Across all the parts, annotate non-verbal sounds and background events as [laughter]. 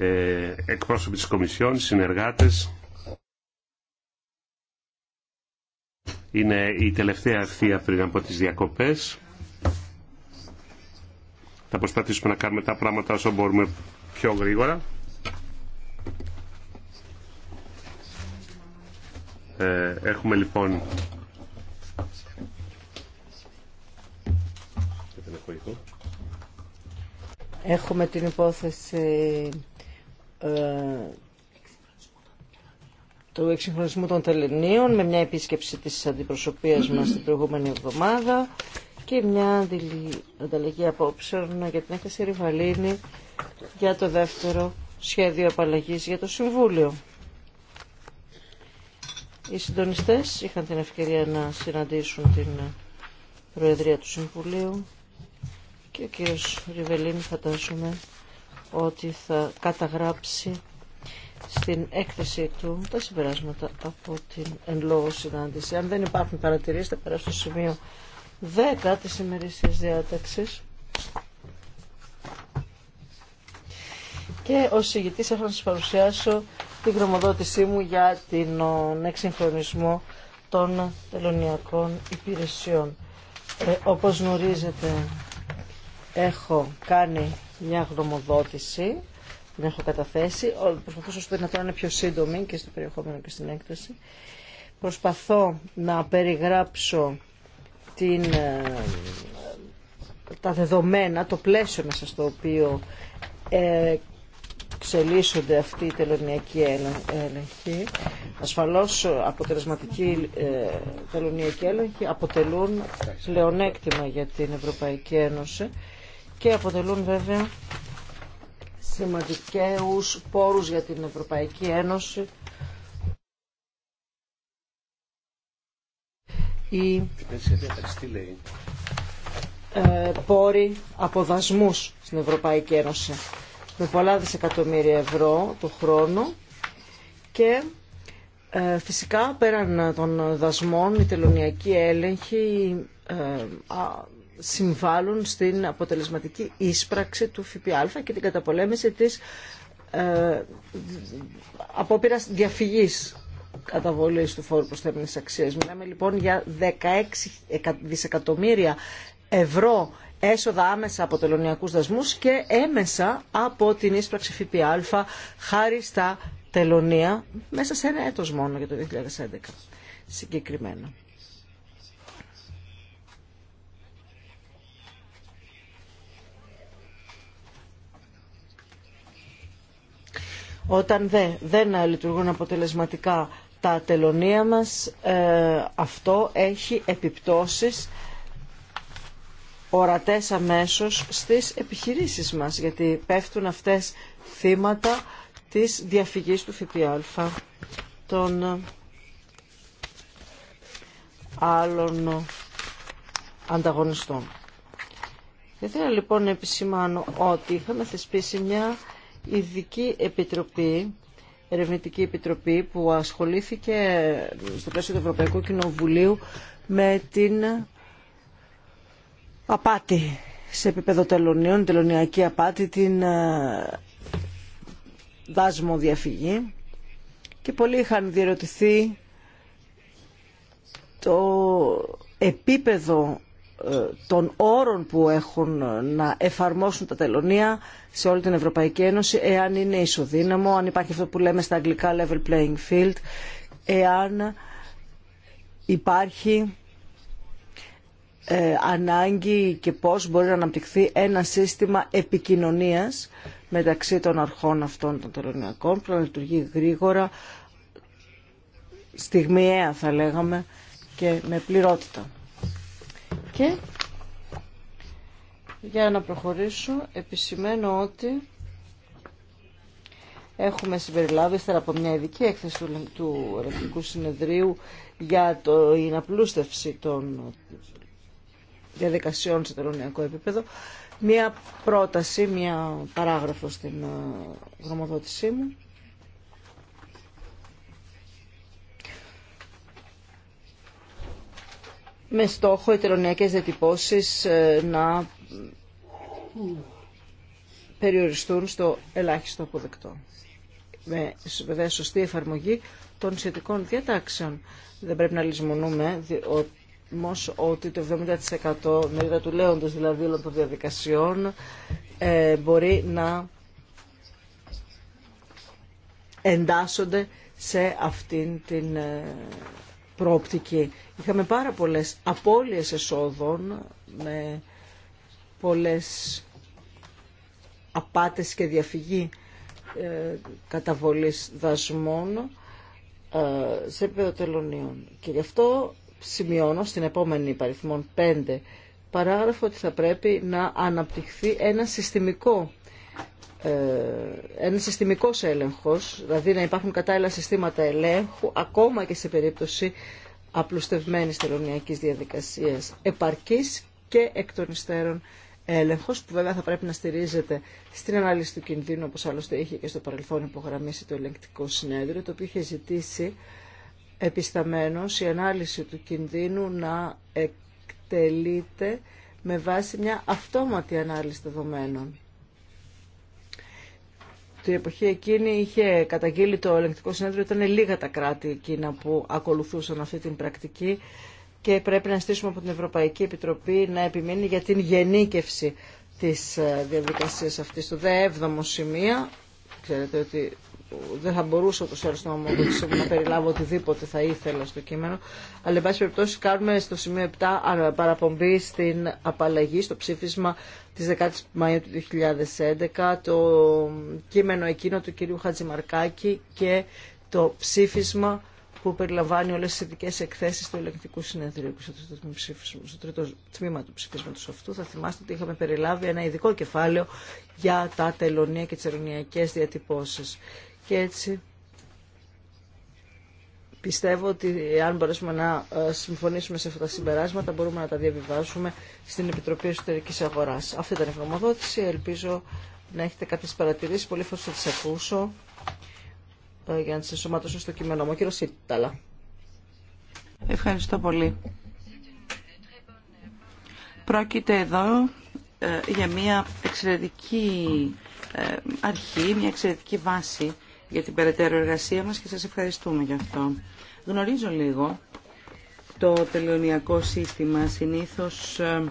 Ε, εκπρόσωποι της Κομισιόν, συνεργάτες. Είναι η τελευταία ευθεία πριν από τις διακοπές. Θα προσπαθήσουμε να κάνουμε τα πράγματα όσο μπορούμε πιο γρήγορα. Ε, έχουμε λοιπόν... Έχουμε την υπόθεση ε, του εξυγχρονισμού των τελενίων με μια επίσκεψη της αντιπροσωπείας μας την προηγούμενη εβδομάδα και μια ανταλλαγή απόψεων για την έκθεση Ριβαλίνη για το δεύτερο σχέδιο απαλλαγής για το Συμβούλιο. Οι συντονιστές είχαν την ευκαιρία να συναντήσουν την Προεδρία του Συμβουλίου και ο κύριος Ριβελίνη φαντάζομαι ότι θα καταγράψει στην έκθεση του τα συμπεράσματα από την εν λόγω συνάντηση. Αν δεν υπάρχουν παρατηρήσεις θα περάσω στο σημείο 10 της ημερήσιας διάταξης. Και ως συγητής έχω να σας παρουσιάσω την γνωμοδότησή μου για την εξυγχρονισμό των τελωνιακών υπηρεσιών. Ε, όπως γνωρίζετε έχω κάνει μια γνωμοδότηση την έχω καταθέσει. Προσπαθώ στο να είναι πιο σύντομη και στο περιεχόμενο και στην έκθεση. Προσπαθώ να περιγράψω την, ε, τα δεδομένα, το πλαίσιο μέσα στο οποίο ε, ξελίσσονται αυτοί οι τελωνιακοί έλεγχοι. Ασφαλώς αποτελεσματικοί ε, τελωνιακοί έλεγχοι αποτελούν πλεονέκτημα για την Ευρωπαϊκή Ένωση και αποτελούν βέβαια σημαντικούς πόρους για την Ευρωπαϊκή Ένωση. Οι ε, πόροι αποδασμούς στην Ευρωπαϊκή Ένωση με πολλά δισεκατομμύρια ευρώ το χρόνο και ε, φυσικά πέραν των δασμών η τελωνιακή έλεγχη ε, συμβάλλουν στην αποτελεσματική ίσπραξη του ΦΠΑ και την καταπολέμηση της ε, απόπειρας διαφυγής καταβολής του φόρου θέμενες αξίες. Μιλάμε λοιπόν για 16 δισεκατομμύρια ευρώ έσοδα άμεσα από τελωνιακούς δασμούς και έμεσα από την ίσπραξη ΦΠΑ χάρη στα τελωνία μέσα σε ένα έτος μόνο για το 2011 συγκεκριμένα. Όταν δε, δεν λειτουργούν αποτελεσματικά τα τελωνία μας, ε, αυτό έχει επιπτώσεις ορατές αμέσως στις επιχειρήσεις μας, γιατί πέφτουν αυτές θύματα της διαφυγής του ΦΠΑ, των ε, άλλων ε, ανταγωνιστών. Θα ήθελα λοιπόν να επισημάνω ότι είχαμε θεσπίσει μια ειδική επιτροπή, ερευνητική επιτροπή που ασχολήθηκε στο πλαίσιο του Ευρωπαϊκού Κοινοβουλίου με την απάτη σε επίπεδο τελωνίων, τελωνιακή απάτη, την ε, δάσμο διαφυγή και πολλοί είχαν διερωτηθεί το επίπεδο ε, των όρων που έχουν ε, να εφαρμόσουν τα τελωνία σε όλη την Ευρωπαϊκή Ένωση, εάν είναι ισοδύναμο, αν υπάρχει αυτό που λέμε στα αγγλικά level playing field, εάν υπάρχει ε, ανάγκη και πώς μπορεί να αναπτυχθεί ένα σύστημα επικοινωνίας μεταξύ των αρχών αυτών των τελωνιακών που να λειτουργεί γρήγορα, στιγμιαία θα λέγαμε και με πληρότητα. Και για να προχωρήσω, επισημαίνω ότι έχουμε συμπεριλάβει, ύστερα από μια ειδική έκθεση του Ελεκτικού Συνεδρίου για το, την απλούστευση των διαδικασιών σε τελωνιακό επίπεδο, μια πρόταση, μια παράγραφο στην ε, γνωμοδότησή μου, με στόχο οι τελωνιακές διατυπώσεις ε, να περιοριστούν στο ελάχιστο αποδεκτό. Με βέβαια σωστή εφαρμογή των σχετικών διατάξεων. Δεν πρέπει να λησμονούμε όμως ότι το 70% μερίδα του λέοντος δηλαδή όλων των διαδικασιών ε, μπορεί να εντάσσονται σε αυτήν την ε, Είχαμε πάρα πολλές απώλειες εσόδων με πολλές απάτες και διαφυγή ε, καταβολής δασμών ε, σε επίπεδο τελωνίων. Και γι' αυτό σημειώνω στην επόμενη παριθμόν 5 παράγραφο ότι θα πρέπει να αναπτυχθεί ένα συστημικό ε, ένα συστημικό έλεγχο, δηλαδή να υπάρχουν κατάλληλα συστήματα ελέγχου, ακόμα και σε περίπτωση απλουστευμένης τελωνιακή διαδικασία, επαρκή και εκ των υστέρων έλεγχος, που βέβαια θα πρέπει να στηρίζεται στην ανάλυση του κινδύνου, όπως άλλωστε είχε και στο παρελθόν υπογραμμίσει το ελεγκτικό συνέδριο, το οποίο είχε ζητήσει επισταμένως η ανάλυση του κινδύνου να εκτελείται με βάση μια αυτόματη ανάλυση δεδομένων την εποχή εκείνη είχε καταγγείλει το ελεγκτικό συνέδριο, ήταν λίγα τα κράτη εκείνα που ακολουθούσαν αυτή την πρακτική και πρέπει να στήσουμε από την Ευρωπαϊκή Επιτροπή να επιμείνει για την γενίκευση της ε, διαδικασίας αυτής. Το δε έβδομο σημείο, ξέρετε ότι δεν θα μπορούσα ούτως ώρες να ομολογήσω να περιλάβω οτιδήποτε θα ήθελα στο κείμενο, αλλά εν πάση περιπτώσει κάνουμε στο σημείο 7 παραπομπή στην απαλλαγή στο ψήφισμα της 10 Μαΐου του 2011, το κείμενο εκείνο του κυρίου Χατζημαρκάκη και το ψήφισμα που περιλαμβάνει όλες τις ειδικές εκθέσεις του ελεγκτικού συνεδρίου και στο τρίτο τμήμα του ψηφίσματος αυτού. Θα θυμάστε ότι είχαμε περιλάβει ένα ειδικό κεφάλαιο για τα τελωνία και τις ερωνιακές διατυπώσεις και έτσι πιστεύω ότι αν μπορέσουμε να ε, συμφωνήσουμε σε αυτά τα συμπεράσματα μπορούμε να τα διαβιβάσουμε στην Επιτροπή Εσωτερικής Αγοράς. Αυτή ήταν η γνωμοδότηση. Ελπίζω να έχετε κάποιες παρατηρήσει. Πολύ φορές θα τις ακούσω ε, για να τις ενσωματώσω στο κείμενό μου. Κύριο Σίταλα. Ευχαριστώ πολύ. Πρόκειται εδώ ε, για μια εξαιρετική αρχή, μια εξαιρετική βάση για την περαιτέρω εργασία μας και σας ευχαριστούμε γι' αυτό. Γνωρίζω λίγο το τελωνιακό σύστημα συνήθως ε,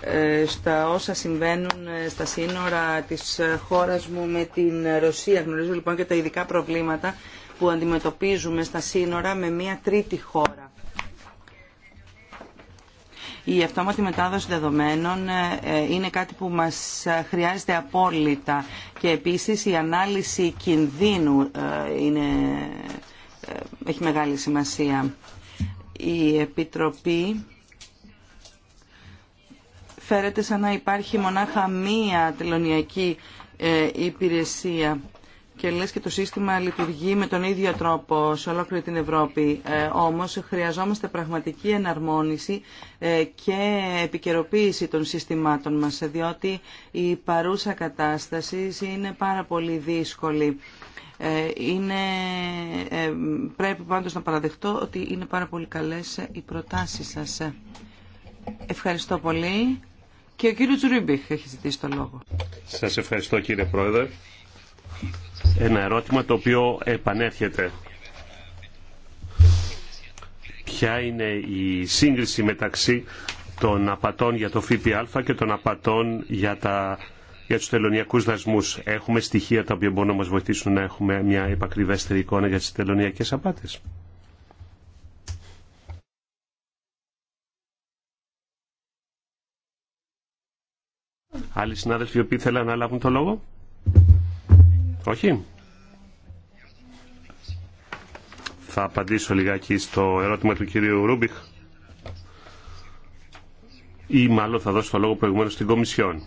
ε, στα όσα συμβαίνουν ε, στα σύνορα της χώρας μου με την Ρωσία. Γνωρίζω λοιπόν και τα ειδικά προβλήματα που αντιμετωπίζουμε στα σύνορα με μια τρίτη χώρα. Η αυτόματη μετάδοση δεδομένων ε, ε, είναι κάτι που μας ε, χρειάζεται απόλυτα και επίσης η ανάλυση κινδύνου είναι, έχει μεγάλη σημασία. Η Επιτροπή φέρεται σαν να υπάρχει μονάχα μία τελωνιακή υπηρεσία και λες και το σύστημα λειτουργεί με τον ίδιο τρόπο σε ολόκληρη την Ευρώπη. Ε, όμως χρειαζόμαστε πραγματική εναρμόνιση ε, και επικαιροποίηση των συστημάτων μας, διότι η παρούσα κατάσταση είναι πάρα πολύ δύσκολη. Ε, είναι, ε, πρέπει πάντως να παραδεχτώ ότι είναι πάρα πολύ καλές οι προτάσεις σας. Ευχαριστώ πολύ. Και ο κύριος Τζουρίμπιχ έχει ζητήσει το λόγο. Σας ευχαριστώ κύριε Πρόεδρε ένα ερώτημα το οποίο επανέρχεται. Ποια είναι η σύγκριση μεταξύ των απατών για το ΦΠΑ και των απατών για, τα, για τους τελωνιακούς δασμούς. Έχουμε στοιχεία τα οποία μπορούν να μας βοηθήσουν να έχουμε μια επακριβέστερη εικόνα για τις τελωνιακές απάτες. Άλλοι συνάδελφοι οι οποίοι θέλαν να λάβουν το λόγο. Όχι. Θα απαντήσω λιγάκι στο ερώτημα του κυρίου Ρούμπιχ ή μάλλον θα δώσω το λόγο προηγουμένως στην Κομισιόν.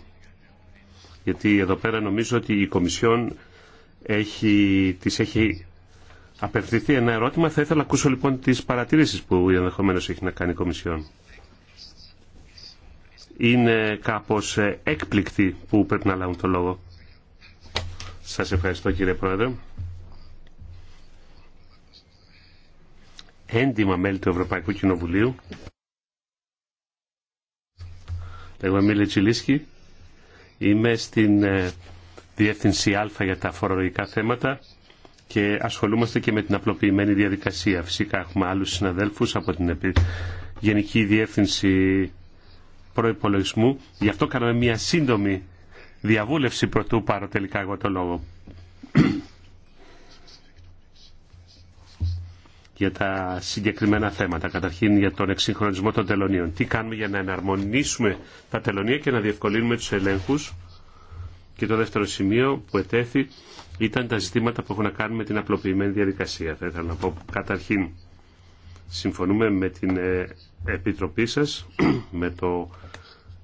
Γιατί εδώ πέρα νομίζω ότι η Κομισιόν έχει, της έχει απευθυνθεί ένα ερώτημα. Θα ήθελα να ακούσω λοιπόν τις παρατηρήσεις που ενδεχομένω έχει να κάνει η Κομισιόν. Είναι κάπως ε, έκπληκτη που πρέπει να λάβουν το λόγο. Σας ευχαριστώ κύριε Πρόεδρε. Έντιμα μέλη του Ευρωπαϊκού Κοινοβουλίου. Εγώ είμαι Τσιλίσκη. Είμαι στην ε, Διεύθυνση Α για τα φορολογικά θέματα και ασχολούμαστε και με την απλοποιημένη διαδικασία. Φυσικά έχουμε άλλους συναδέλφους από την Γενική Διεύθυνση Προϋπολογισμού. Γι' αυτό κάναμε μια σύντομη διαβούλευση προτού πάρω τελικά εγώ το λόγο. για τα συγκεκριμένα θέματα. Καταρχήν για τον εξυγχρονισμό των τελωνίων. Τι κάνουμε για να εναρμονίσουμε τα τελωνία και να διευκολύνουμε τους ελέγχους. Και το δεύτερο σημείο που ετέθη ήταν τα ζητήματα που έχουν να κάνουν με την απλοποιημένη διαδικασία. Θα ήθελα να πω καταρχήν συμφωνούμε με την ε, Επιτροπή σας, [clears throat] με το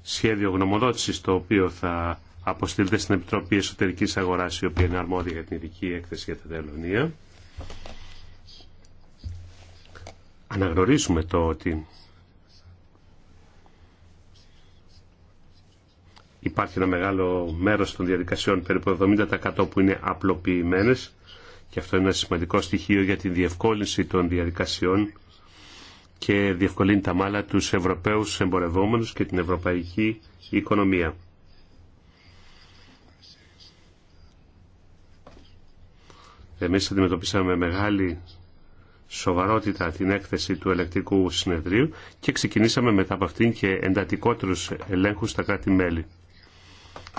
σχέδιο γνωμοδότησης το οποίο θα Αποστείλτε στην Επιτροπή Εσωτερικής Αγοράς, η οποία είναι αρμόδια για την ειδική έκθεση για τα τελωνία. Αναγνωρίσουμε το ότι υπάρχει ένα μεγάλο μέρος των διαδικασιών, περίπου 70% που είναι απλοποιημένες και αυτό είναι ένα σημαντικό στοιχείο για τη διευκόλυνση των διαδικασιών και διευκολύνει τα μάλα τους Ευρωπαίους εμπορευόμενους και την ευρωπαϊκή οικονομία. Εμείς αντιμετωπίσαμε με μεγάλη σοβαρότητα την έκθεση του ελεκτικού συνεδρίου και ξεκινήσαμε μετά από αυτήν και εντατικότερους ελέγχους στα κράτη-μέλη.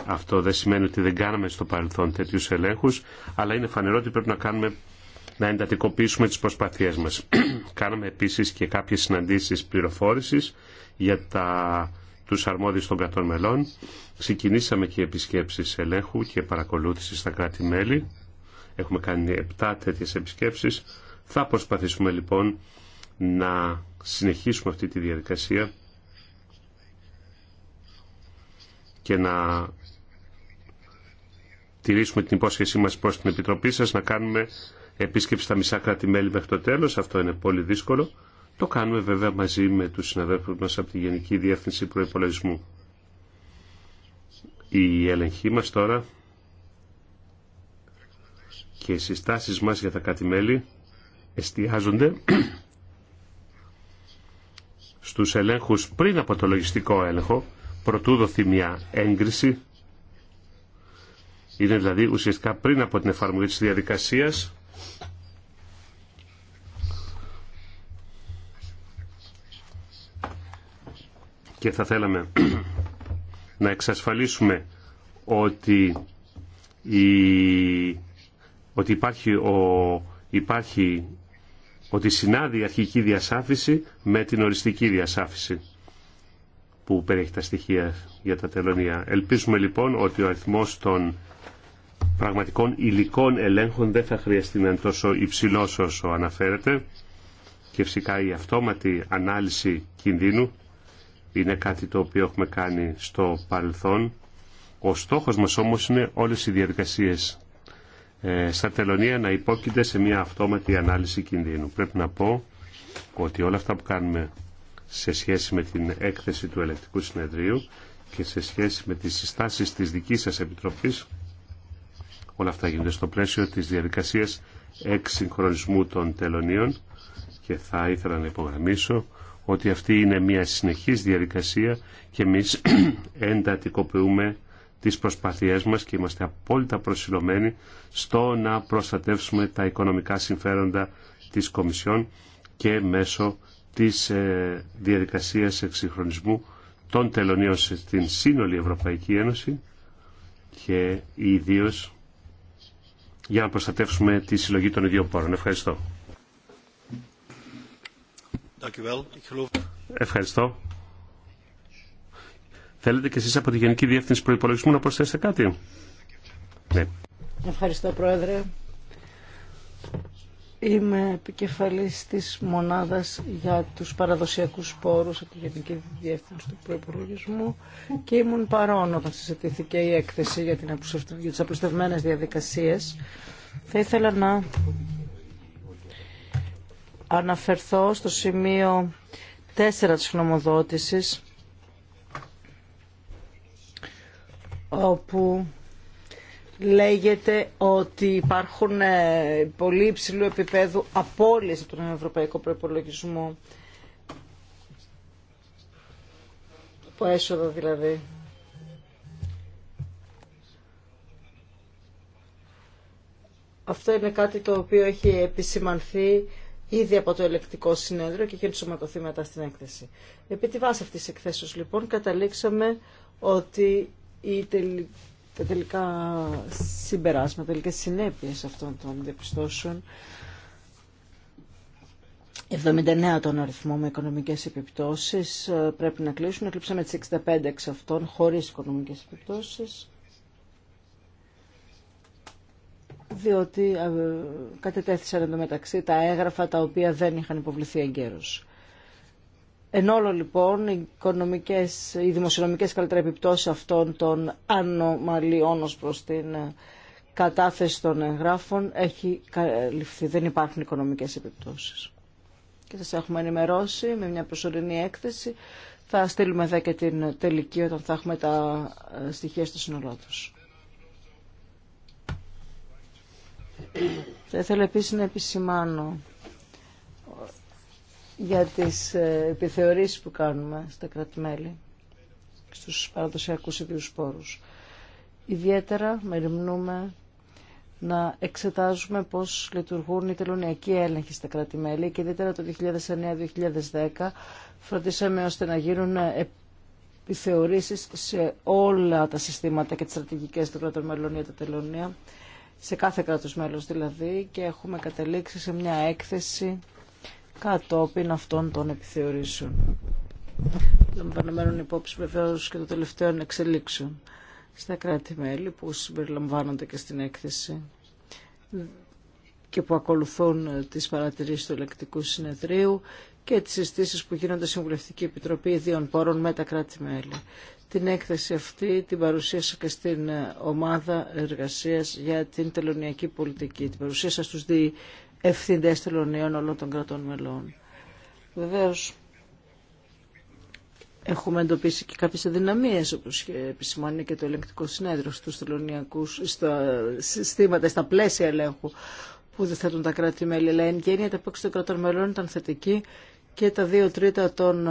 Αυτό δεν σημαίνει ότι δεν κάναμε στο παρελθόν τέτοιους ελέγχους, αλλά είναι φανερό ότι πρέπει να κάνουμε να εντατικοποιήσουμε τις προσπαθίες μας. [clears throat] κάναμε επίσης και κάποιες συναντήσεις πληροφόρησης για τα, τους αρμόδιους των κρατών μελών. Ξεκινήσαμε και επισκέψεις ελέγχου και παρακολούθηση στα κράτη-μέλη Έχουμε κάνει 7 τέτοιες επισκέψεις. Θα προσπαθήσουμε λοιπόν να συνεχίσουμε αυτή τη διαδικασία και να τηρήσουμε την υπόσχεσή μας προς την Επιτροπή σας να κάνουμε επίσκεψη στα μισά κράτη-μέλη μέχρι το τέλος. Αυτό είναι πολύ δύσκολο. Το κάνουμε βέβαια μαζί με τους συναδέλφους μας από τη Γενική Διεύθυνση Προϋπολογισμού. Η έλεγχή μας τώρα και οι συστάσεις μας για τα κάτι εστιάζονται [clears throat] στους ελέγχους πριν από το λογιστικό έλεγχο, προτού δοθεί μια έγκριση, είναι δηλαδή ουσιαστικά πριν από την εφαρμογή της διαδικασίας, και θα θέλαμε [clears throat] να εξασφαλίσουμε ότι η ότι υπάρχει, ο, υπάρχει ότι συνάδει η αρχική διασάφηση με την οριστική διασάφηση που περιέχει τα στοιχεία για τα τελωνία. Ελπίζουμε λοιπόν ότι ο αριθμός των πραγματικών υλικών ελέγχων δεν θα χρειαστεί να είναι τόσο υψηλό όσο αναφέρεται και φυσικά η αυτόματη ανάλυση κινδύνου είναι κάτι το οποίο έχουμε κάνει στο παρελθόν. Ο στόχος μας όμως είναι όλες οι διαδικασίες ε, στα τελωνία να υπόκεινται σε μια αυτόματη ανάλυση κινδύνου. Πρέπει να πω ότι όλα αυτά που κάνουμε σε σχέση με την έκθεση του ελεκτικού συνεδρίου και σε σχέση με τις συστάσεις της δικής σας Επιτροπής, όλα αυτά γίνονται στο πλαίσιο της διαδικασίας εξυγχρονισμού των τελωνίων και θα ήθελα να υπογραμμίσω ότι αυτή είναι μια συνεχής διαδικασία και εμείς [clears throat] εντατικοποιούμε τις προσπαθίες μας και είμαστε απόλυτα προσιλωμένοι στο να προστατεύσουμε τα οικονομικά συμφέροντα της Κομισιόν και μέσω της ε, διαδικασίας εξυγχρονισμού των τελωνίων στην σύνολη Ευρωπαϊκή Ένωση και ιδίω για να προστατεύσουμε τη συλλογή των ιδιών Ευχαριστώ. Ευχαριστώ. Θέλετε κι εσείς από τη Γενική Διεύθυνση Προϋπολογισμού να προσθέσετε κάτι. Ναι. Ευχαριστώ Πρόεδρε. Είμαι επικεφαλής της μονάδας για τους παραδοσιακούς πόρους από τη Γενική Διεύθυνση του Προϋπολογισμού και ήμουν παρόν όταν συζητήθηκε η έκθεση για, την για τις απλουστευμένες διαδικασίες. Θα ήθελα να αναφερθώ στο σημείο 4 της γνωμοδότησης όπου λέγεται ότι υπάρχουν ε, πολύ υψηλού επίπεδου απώλειες από τον ευρωπαϊκό προπολογισμό. Από έσοδο δηλαδή. Αυτό είναι κάτι το οποίο έχει επισημανθεί ήδη από το ελεκτικό συνέδριο και έχει ενσωματωθεί μετά στην έκθεση. Επί τη βάση αυτής της εκθέσεως λοιπόν καταλήξαμε ότι η τελικά συμπεράσματα, τελικές συνέπειες αυτών των διαπιστώσεων 79 τον αριθμό με οικονομικές επιπτώσεις ε, πρέπει να κλείσουν. Κλείψαμε τις 65 εξ αυτών χωρίς οικονομικές επιπτώσεις. Διότι ε, κατετέθησαν εντωμεταξύ τα έγγραφα τα οποία δεν είχαν υποβληθεί εγκαίρως. Εν όλο λοιπόν οι, οικονομικές, οι δημοσιονομικές καλύτερα επιπτώσεις αυτών των ανομαλιών ως προς την ε, κατάθεση των εγγράφων έχει καλυφθεί. Δεν υπάρχουν οικονομικές επιπτώσεις. Και σας έχουμε ενημερώσει με μια προσωρινή έκθεση. Θα στείλουμε εδώ και την τελική όταν θα έχουμε τα ε, στοιχεία στο σύνολό τους. Θα ήθελα επίσης να επισημάνω για τις ε, επιθεωρήσεις που κάνουμε στα κρατημέλη στους παραδοσιακούς ιδίους πόρους. Ιδιαίτερα μεριμνούμε να εξετάζουμε πώς λειτουργούν οι τελωνιακοί έλεγχοι στα κράτη-μέλη και ιδιαίτερα το 2009-2010 φροντίσαμε ώστε να γίνουν επιθεωρήσεις σε όλα τα συστήματα και τις στρατηγικές των κρατών μελών για τα τελωνία, σε κάθε κράτος μέλος δηλαδή, και έχουμε καταλήξει σε μια έκθεση κατόπιν αυτών των επιθεωρήσεων. Λαμβανωμένων υπόψη βεβαίω και των τελευταίων εξελίξεων στα κράτη-μέλη που συμπεριλαμβάνονται και στην έκθεση και που ακολουθούν τις παρατηρήσεις του Ελεκτικού Συνεδρίου και τις συστήσεις που γίνονται Συμβουλευτική Επιτροπή Ιδίων Πόρων με τα κράτη-μέλη. Την έκθεση αυτή την παρουσίασα και στην ομάδα εργασίας για την τελωνιακή πολιτική. Την παρουσίασα στους δύο ευθύντες τελωνίων όλων των κρατών μελών. Βεβαίως, έχουμε εντοπίσει και κάποιες αδυναμίες, όπως επισημάνει και το ελεγκτικό συνέδριο στους τελωνιακούς, στα συστήματα, στα πλαίσια ελέγχου που θέτουν τα κράτη-μέλη. Αλλά εν γέννη, τα πόξη των κρατών μελών ήταν θετική και τα δύο τρίτα των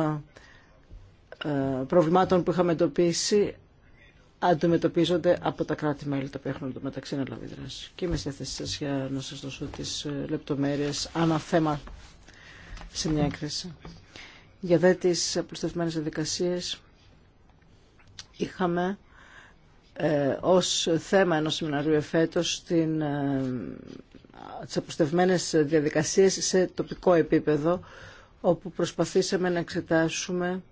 ε, προβλημάτων που είχαμε εντοπίσει αντιμετωπίζονται από τα κράτη-μέλη τα οποία έχουν μεταξύ να λάβει δράση. Και είμαι στη θέση σας για να σας δώσω τις ε, λεπτομέρειες ανά θέμα σε μια έκθεση. Για δε τις απλουστευμένες διαδικασίες είχαμε ε, ως θέμα ενός σεμιναρίου εφέτος την, ε, τις απλουστευμένες διαδικασίες σε τοπικό επίπεδο όπου προσπαθήσαμε να εξετάσουμε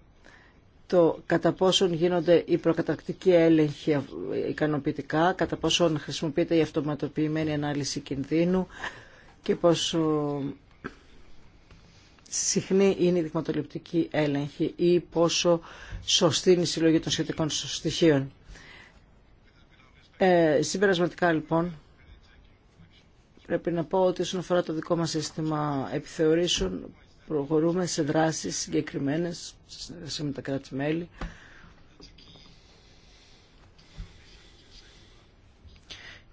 το κατά πόσον γίνονται οι προκατακτικοί έλεγχοι ικανοποιητικά, κατά πόσον χρησιμοποιείται η αυτοματοποιημένη ανάλυση κινδύνου και πόσο συχνή είναι η δειγματοληπτική έλεγχη ή πόσο σωστή είναι η συλλογή των σχετικών στοιχείων. Ε, συμπερασματικά λοιπόν, πρέπει να πω ότι όσον αφορά το δικό μας σύστημα επιθεωρήσεων, προχωρούμε σε δράσεις συγκεκριμένες σε συνεργασία με τα κράτη-μέλη.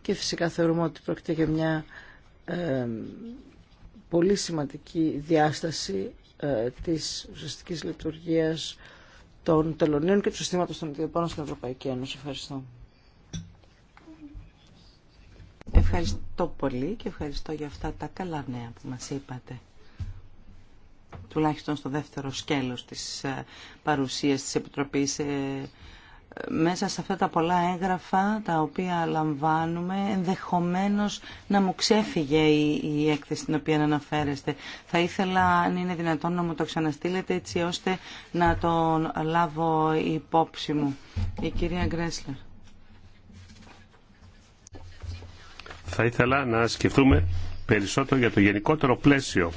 Και φυσικά θεωρούμε ότι πρόκειται για μια ε, πολύ σημαντική διάσταση ε, της ουσιαστικής λειτουργίας των τελωνίων και του συστήματος των ιδιωτών στην Ευρωπαϊκή Ένωση. Ευχαριστώ. Ευχαριστώ πολύ και ευχαριστώ για αυτά τα καλά νέα που μας είπατε τουλάχιστον στο δεύτερο σκέλος της ε, παρουσίας της Επιτροπής. Ε, μέσα σε αυτά τα πολλά έγγραφα τα οποία λαμβάνουμε, ενδεχομένως να μου ξέφυγε η έκθεση στην οποία αναφέρεστε. Θα ήθελα, αν είναι δυνατόν, να μου το ξαναστείλετε έτσι ώστε να τον λάβω υπόψη μου. Η κυρία Γκρέσλερ. Θα ήθελα να σκεφτούμε περισσότερο για το γενικότερο πλαίσιο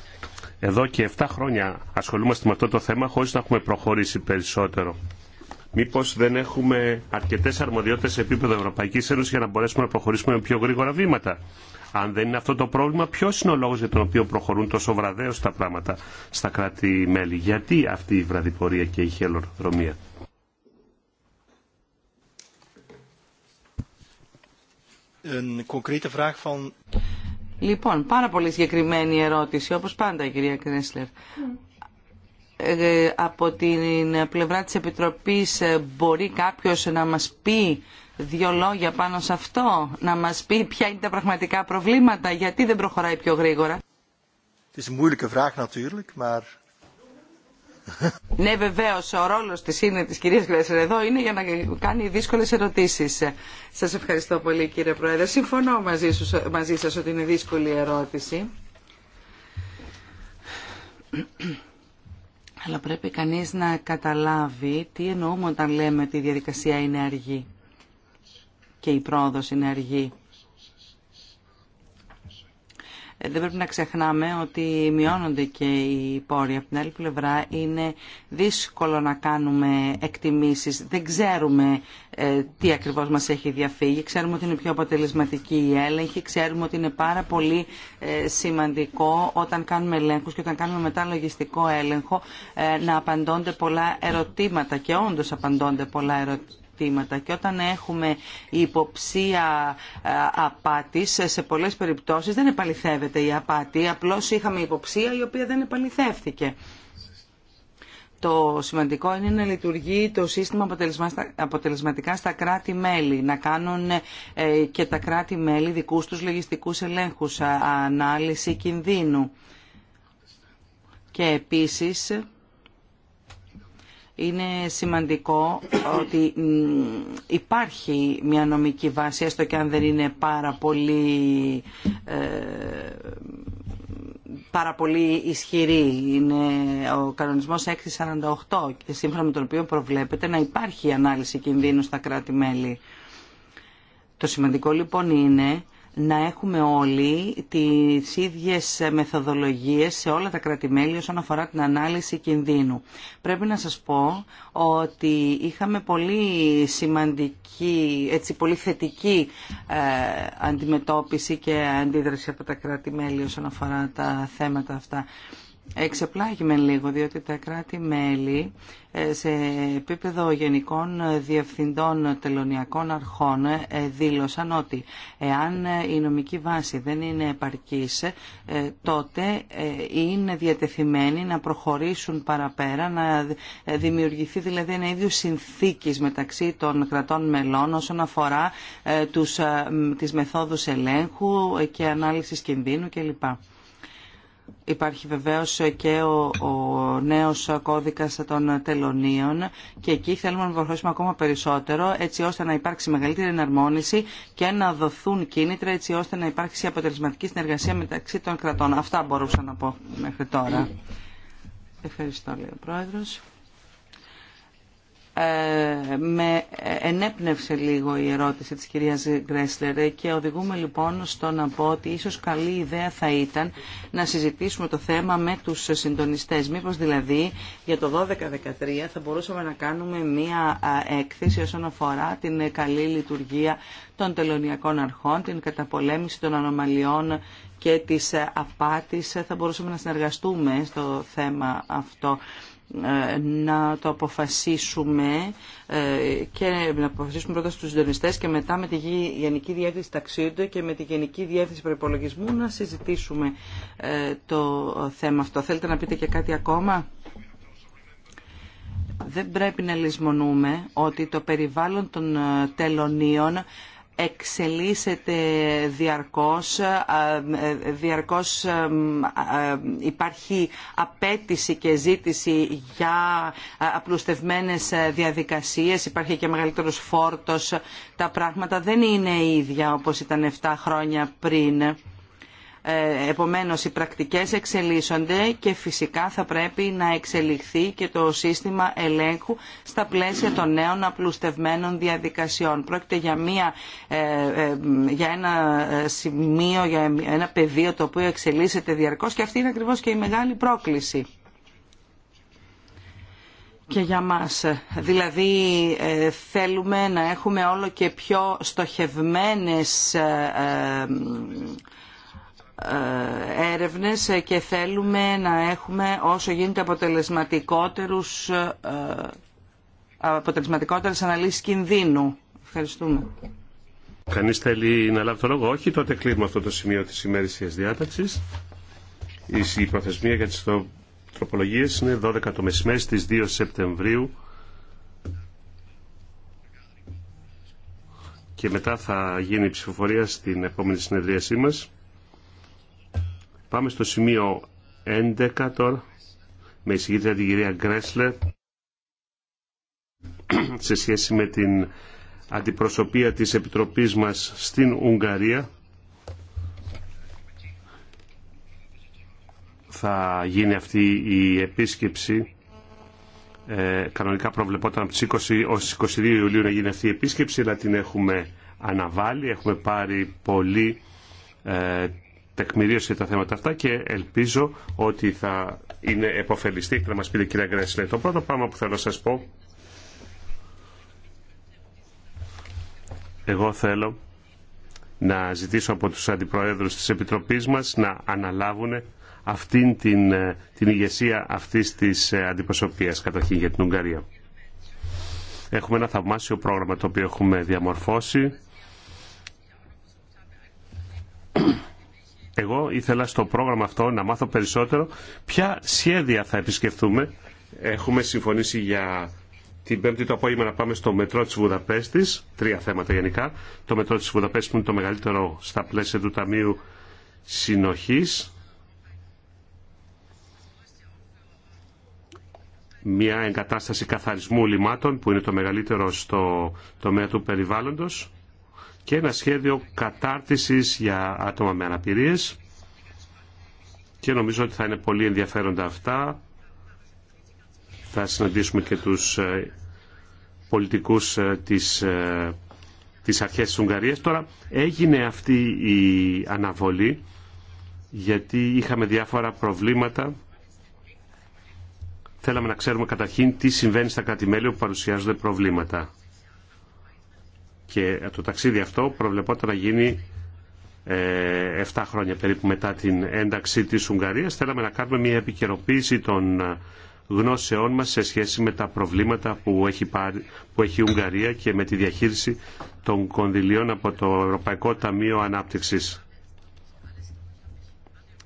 εδώ και 7 χρόνια ασχολούμαστε με αυτό το θέμα χωρίς να έχουμε προχωρήσει περισσότερο. Μήπως δεν έχουμε αρκετές αρμοδιότητες σε επίπεδο Ευρωπαϊκής Ένωσης για να μπορέσουμε να προχωρήσουμε με πιο γρήγορα βήματα. Αν δεν είναι αυτό το πρόβλημα, ποιος είναι ο λόγος για τον οποίο προχωρούν τόσο βραδέως τα πράγματα στα κράτη-μέλη. Γιατί αυτή η βραδιπορία και η χελοδρομία. Λοιπόν, πάρα πολύ συγκεκριμένη ερώτηση, όπως πάντα η κυρία Κρέσλερ. Ε, ε από την πλευρά της Επιτροπής ε, μπορεί κάποιος να μας πει δύο λόγια πάνω σε αυτό, να μας πει ποια είναι τα πραγματικά προβλήματα, γιατί δεν προχωράει πιο γρήγορα. Είναι μια δύσκολη ερώτηση, vraag ναι, βεβαίω. Ο ρόλο τη είναι τη κυρία Γκρέσσερ εδώ είναι για να κάνει δύσκολε ερωτήσει. Σα ευχαριστώ πολύ, κύριε Πρόεδρε. Συμφωνώ μαζί, σας, μαζί σα ότι είναι δύσκολη ερώτηση. Αλλά πρέπει κανείς να καταλάβει τι εννοούμε όταν λέμε ότι η διαδικασία είναι αργή και η πρόοδος είναι αργή. Ε, δεν πρέπει να ξεχνάμε ότι μειώνονται και οι πόροι. Από την άλλη πλευρά είναι δύσκολο να κάνουμε εκτιμήσεις. Δεν ξέρουμε ε, τι ακριβώς μας έχει διαφύγει. Ξέρουμε ότι είναι πιο αποτελεσματική η έλεγχη. Ξέρουμε ότι είναι πάρα πολύ ε, σημαντικό όταν κάνουμε ελέγχους και όταν κάνουμε μετά λογιστικό έλεγχο να απαντώνται πολλά ερωτήματα και όντως απαντώνται πολλά ερωτήματα ζητήματα και όταν έχουμε υποψία ε, απάτης σε πολλές περιπτώσεις δεν επαληθεύεται η απάτη, απλώς είχαμε υποψία η οποία δεν επαληθεύθηκε. Το σημαντικό είναι να λειτουργεί το σύστημα αποτελεσματικά στα κράτη-μέλη, να κάνουν ε, και τα κράτη-μέλη δικούς τους λογιστικούς ελέγχους, ανάλυση κινδύνου. Και επίσης είναι σημαντικό ότι υπάρχει μια νομική βάση, έστω και αν δεν είναι πάρα πολύ, ε, πάρα ισχυρή. Είναι ο κανονισμός 648, σύμφωνα με τον οποίο προβλέπεται να υπάρχει ανάλυση κινδύνου στα κράτη-μέλη. Το σημαντικό λοιπόν είναι να έχουμε όλοι τις ίδιες μεθοδολογίες σε όλα τα κρατημέλη όσον αφορά την ανάλυση κινδύνου. Πρέπει να σας πω ότι είχαμε πολύ σημαντική, έτσι πολύ θετική ε, αντιμετώπιση και αντίδραση από τα κράτη-μέλη όσον αφορά τα θέματα αυτά με λίγο, διότι τα κράτη-μέλη ε, σε επίπεδο γενικών διευθυντών τελωνιακών αρχών ε, δήλωσαν ότι εάν η νομική βάση δεν είναι επαρκής, ε, τότε είναι διατεθειμένοι να προχωρήσουν παραπέρα, να δημιουργηθεί δηλαδή ένα ίδιο συνθήκης μεταξύ των κρατών μελών όσον αφορά τους, τις μεθόδους ελέγχου και ανάλυσης κινδύνου κλπ. Υπάρχει βεβαίως και ο, ο νέος κώδικας των τελωνίων και εκεί θέλουμε να βοηθήσουμε ακόμα περισσότερο έτσι ώστε να υπάρξει μεγαλύτερη εναρμόνιση και να δοθούν κίνητρα έτσι ώστε να υπάρξει αποτελεσματική συνεργασία μεταξύ των κρατών. Αυτά μπορούσα να πω μέχρι τώρα. Ευχαριστώ, λέει ο Πρόεδρος. Ε, με ενέπνευσε λίγο η ερώτηση της κυρίας Γκρέσλερ και οδηγούμε λοιπόν στο να πω ότι ίσως καλή ιδέα θα ήταν να συζητήσουμε το θέμα με τους συντονιστές. Μήπως δηλαδή για το 12-13 θα μπορούσαμε να κάνουμε μία έκθεση όσον αφορά την καλή λειτουργία των τελωνιακών αρχών, την καταπολέμηση των ανομαλιών και της απάτης. Θα μπορούσαμε να συνεργαστούμε στο θέμα αυτό. Ε, να το αποφασίσουμε ε, και να αποφασίσουμε πρώτα στους συντονιστές και μετά με τη Γενική Διεύθυνση Ταξίδου και με τη Γενική Διεύθυνση Προπολογισμού να συζητήσουμε ε, το θέμα αυτό. Θέλετε να πείτε και κάτι ακόμα? Δεν πρέπει να λησμονούμε ότι το περιβάλλον των τελωνίων εξελίσσεται διαρκώς, ε, διαρκώς υπάρχει απέτηση και ζήτηση για απλουστευμένες διαδικασίες, υπάρχει και μεγαλύτερος φόρτος. Τα πράγματα δεν είναι ίδια όπως ήταν 7 χρόνια πριν. Ε, επομένως οι πρακτικές εξελίσσονται και φυσικά θα πρέπει να εξελιχθεί και το σύστημα ελέγχου στα πλαίσια των νέων απλουστευμένων διαδικασιών. Πρόκειται για, μια, ε, ε, για ένα σημείο, για ένα πεδίο το οποίο εξελίσσεται διαρκώς και αυτή είναι ακριβώς και η μεγάλη πρόκληση και για μας. Δηλαδή θέλουμε να έχουμε όλο και πιο στοχευμένες ε, έρευνες και θέλουμε να έχουμε όσο γίνεται αποτελεσματικότερους, ε, αποτελεσματικότερες αναλύσεις κινδύνου. Ευχαριστούμε. Κανεί θέλει να λάβει το λόγο. Όχι, τότε κλείνουμε αυτό το σημείο της τη διατάξης. Η προθεσμία για τις τροπολογίε είναι 12 το μεσημέρι στις 2 Σεπτεμβρίου. Και μετά θα γίνει η ψηφοφορία στην επόμενη συνεδρίασή μας. Πάμε στο σημείο 11 τώρα, με εισηγήτρια την κυρία Γκρέσλερ, σε σχέση με την αντιπροσωπεία της Επιτροπής μας στην Ουγγαρία. Θα γίνει αυτή η επίσκεψη. Ε, κανονικά προβλεπόταν από τις 20 ως 22 Ιουλίου να γίνει αυτή η επίσκεψη, αλλά την έχουμε αναβάλει. Έχουμε πάρει πολύ ε, τεκμηρίωσε τα θέματα αυτά και ελπίζω ότι θα είναι επωφελιστή και να μας πει η κυρία Γκρέσλε. Το πρώτο πράγμα που θέλω να σας πω, εγώ θέλω να ζητήσω από τους αντιπροέδρους της Επιτροπής μας να αναλάβουν αυτήν την, ε, την ηγεσία αυτής της ε, αντιπροσωπείας καταρχήν για την Ουγγαρία. Έχουμε ένα θαυμάσιο πρόγραμμα το οποίο έχουμε διαμορφώσει εγώ ήθελα στο πρόγραμμα αυτό να μάθω περισσότερο ποια σχέδια θα επισκεφθούμε. Έχουμε συμφωνήσει για την Πέμπτη το απόγευμα να πάμε στο μετρό τη Βουδαπέστης. Τρία θέματα γενικά. Το μετρό τη Βουδαπέστη που είναι το μεγαλύτερο στα πλαίσια του Ταμείου Συνοχή. Μια εγκατάσταση καθαρισμού λιμάτων που είναι το μεγαλύτερο στο τομέα του περιβάλλοντος και ένα σχέδιο κατάρτισης για άτομα με αναπηρίες και νομίζω ότι θα είναι πολύ ενδιαφέροντα αυτά. Θα συναντήσουμε και τους ε, πολιτικούς ε, της, ε, της αρχές της Ουγγαρίας. Τώρα έγινε αυτή η αναβολή γιατί είχαμε διάφορα προβλήματα. Θέλαμε να ξέρουμε καταρχήν τι συμβαίνει στα κράτη-μέλη που παρουσιάζονται προβλήματα. Και το ταξίδι αυτό προβλεπόταν να γίνει 7 ε, χρόνια περίπου μετά την ένταξη της Ουγγαρίας. Θέλαμε να κάνουμε μια επικαιροποίηση των ε, γνώσεών μας σε σχέση με τα προβλήματα που έχει, που έχει η Ουγγαρία και με τη διαχείριση των κονδυλίων από το Ευρωπαϊκό Ταμείο Ανάπτυξης.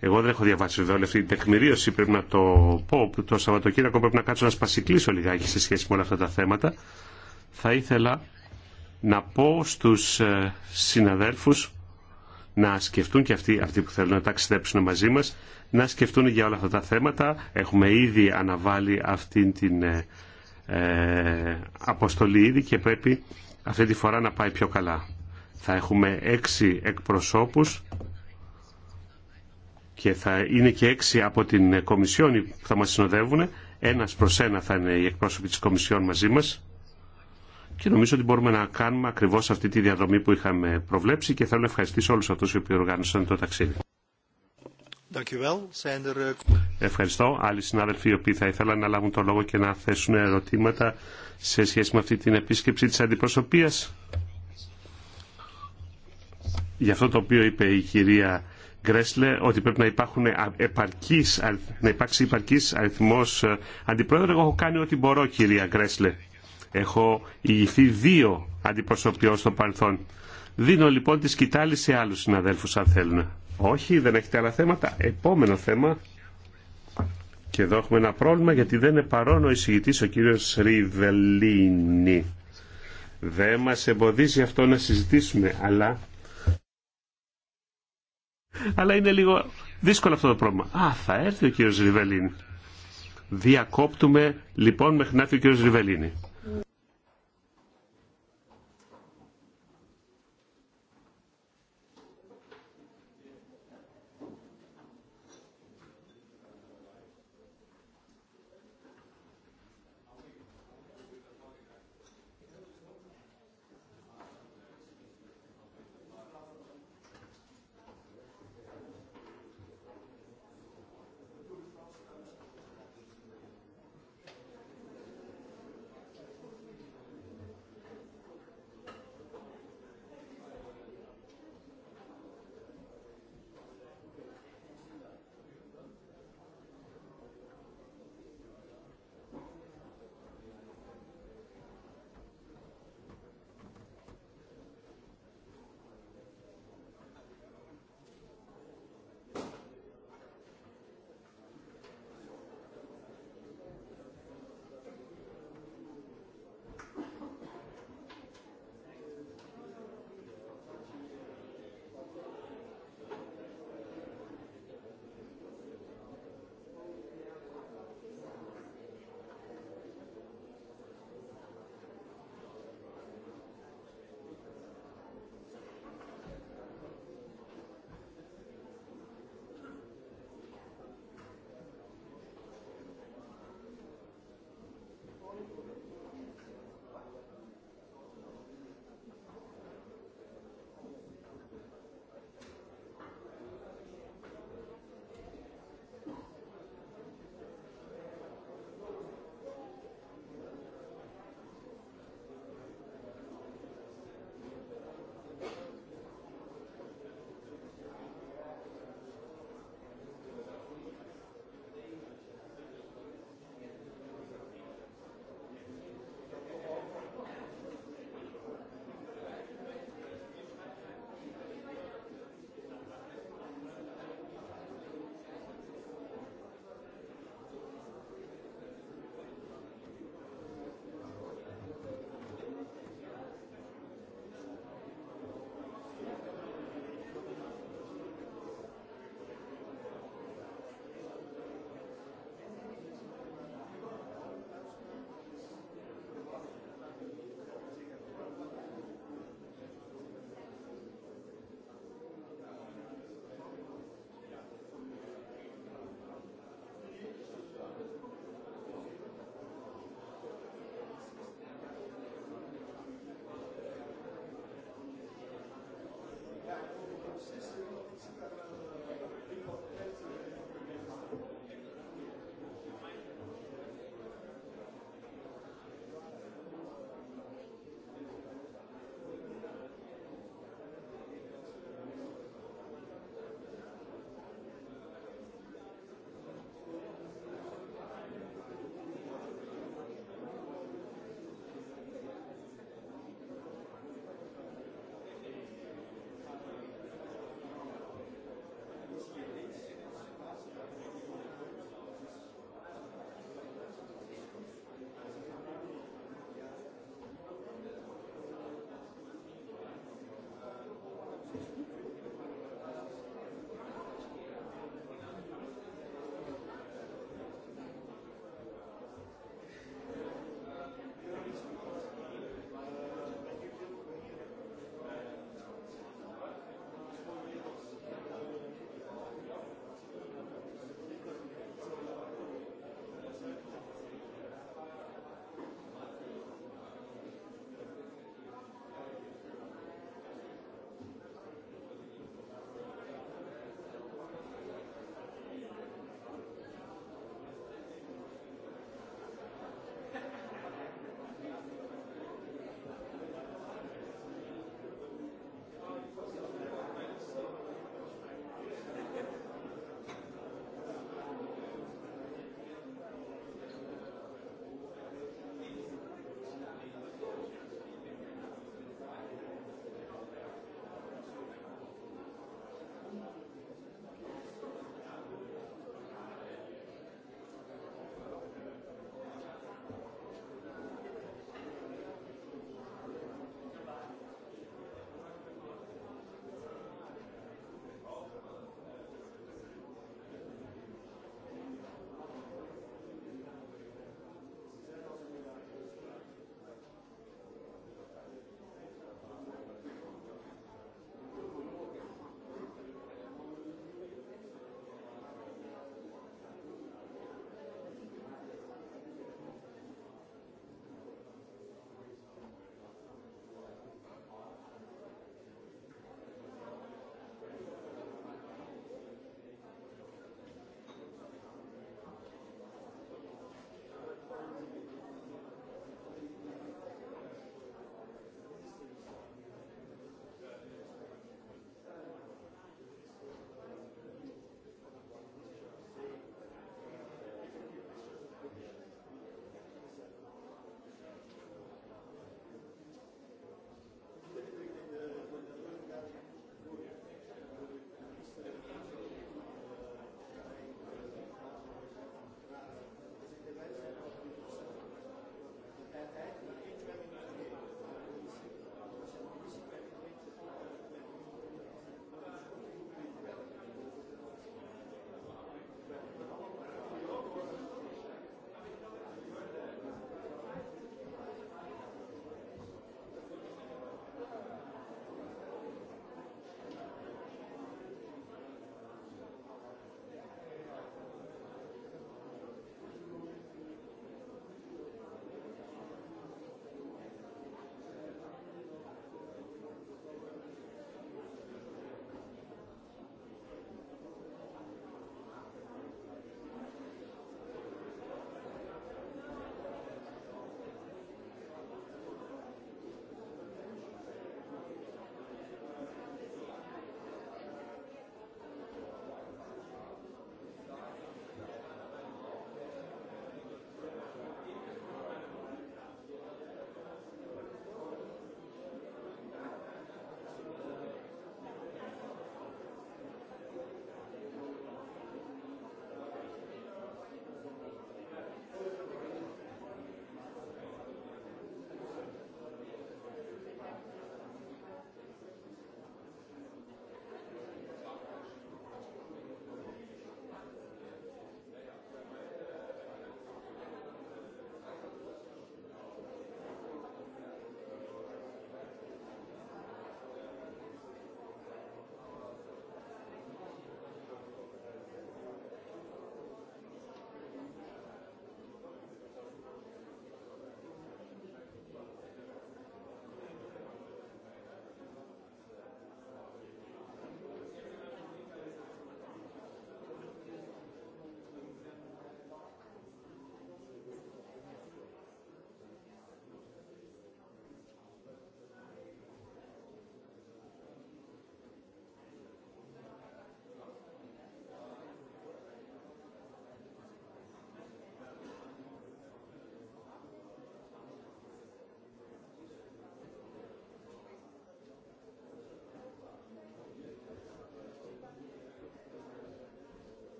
Εγώ δεν έχω διαβάσει βέβαια όλη αυτή την τεκμηρίωση, πρέπει να το πω. Το Σαββατοκύριακο πρέπει να κάτσω να σπασικλήσω λιγάκι σε σχέση με όλα αυτά τα θέματα. Θα ήθελα να πω στους ε, συναδέλφους να σκεφτούν και αυτοί, αυτοί που θέλουν να ταξιδέψουν μαζί μας, να σκεφτούν για όλα αυτά τα θέματα. Έχουμε ήδη αναβάλει αυτή την ε, ε, αποστολή ήδη και πρέπει αυτή τη φορά να πάει πιο καλά. Θα έχουμε έξι εκπροσώπους και θα είναι και έξι από την Κομισιόν που θα μας συνοδεύουν. Ένας προς ένα θα είναι οι εκπρόσωποι της Κομισιόν μαζί μας. Και νομίζω ότι μπορούμε να κάνουμε ακριβώ αυτή τη διαδρομή που είχαμε προβλέψει και θέλω να ευχαριστήσω όλου αυτού οι οποίοι οργάνωσαν το ταξίδι. Er, eh, Ευχαριστώ. Άλλοι συνάδελφοι οι οποίοι θα ήθελαν να λάβουν το λόγο και να θέσουν ερωτήματα σε σχέση με αυτή την επίσκεψη της αντιπροσωπείας. Γι' αυτό το οποίο είπε η κυρία Γκρέσλε, ότι πρέπει να, υπάρχουν επαρκής, να υπάρξει υπαρκής αριθμός ε, αντιπρόεδρων. Εγώ έχω κάνει ό,τι μπορώ κυρία Γκρέσλε. Έχω ηγηθεί δύο αντιπροσωπιών στο παρελθόν. Δίνω λοιπόν τη σκητάλη σε άλλους συναδέλφους αν θέλουν. Όχι, δεν έχετε άλλα θέματα. Επόμενο θέμα. Και εδώ έχουμε ένα πρόβλημα γιατί δεν είναι παρόν ο εισηγητής ο κύριος Ριβελίνη. Δεν μας εμποδίζει αυτό να συζητήσουμε, αλλά... Αλλά είναι λίγο δύσκολο αυτό το πρόβλημα. Α, θα έρθει ο κύριος Ριβελίνη. Διακόπτουμε λοιπόν μέχρι να έρθει ο κύριος Ριβελίνη.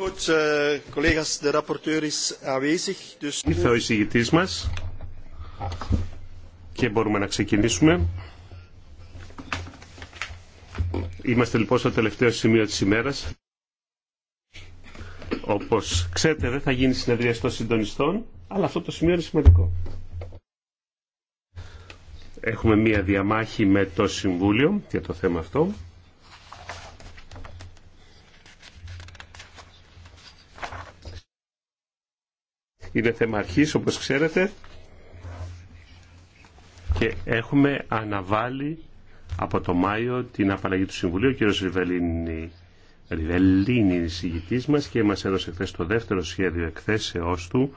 Eh, Ήρθε ο εισηγητής μας και μπορούμε να ξεκινήσουμε. Είμαστε λοιπόν στο τελευταίο σημείο της ημέρας. Όπως ξέρετε δεν θα γίνει συνεδρία των συντονιστών, αλλά αυτό το σημείο είναι σημαντικό. Έχουμε μία διαμάχη με το Συμβούλιο για το θέμα αυτό. Είναι θέμα αρχής, όπως ξέρετε, και έχουμε αναβάλει από το Μάιο την απαλλαγή του Συμβουλίου. Ο κ. Ριβελίνη, Ριβελίνη είναι συγητής μας και μας έδωσε χθε το δεύτερο σχέδιο εκθέσεώς του,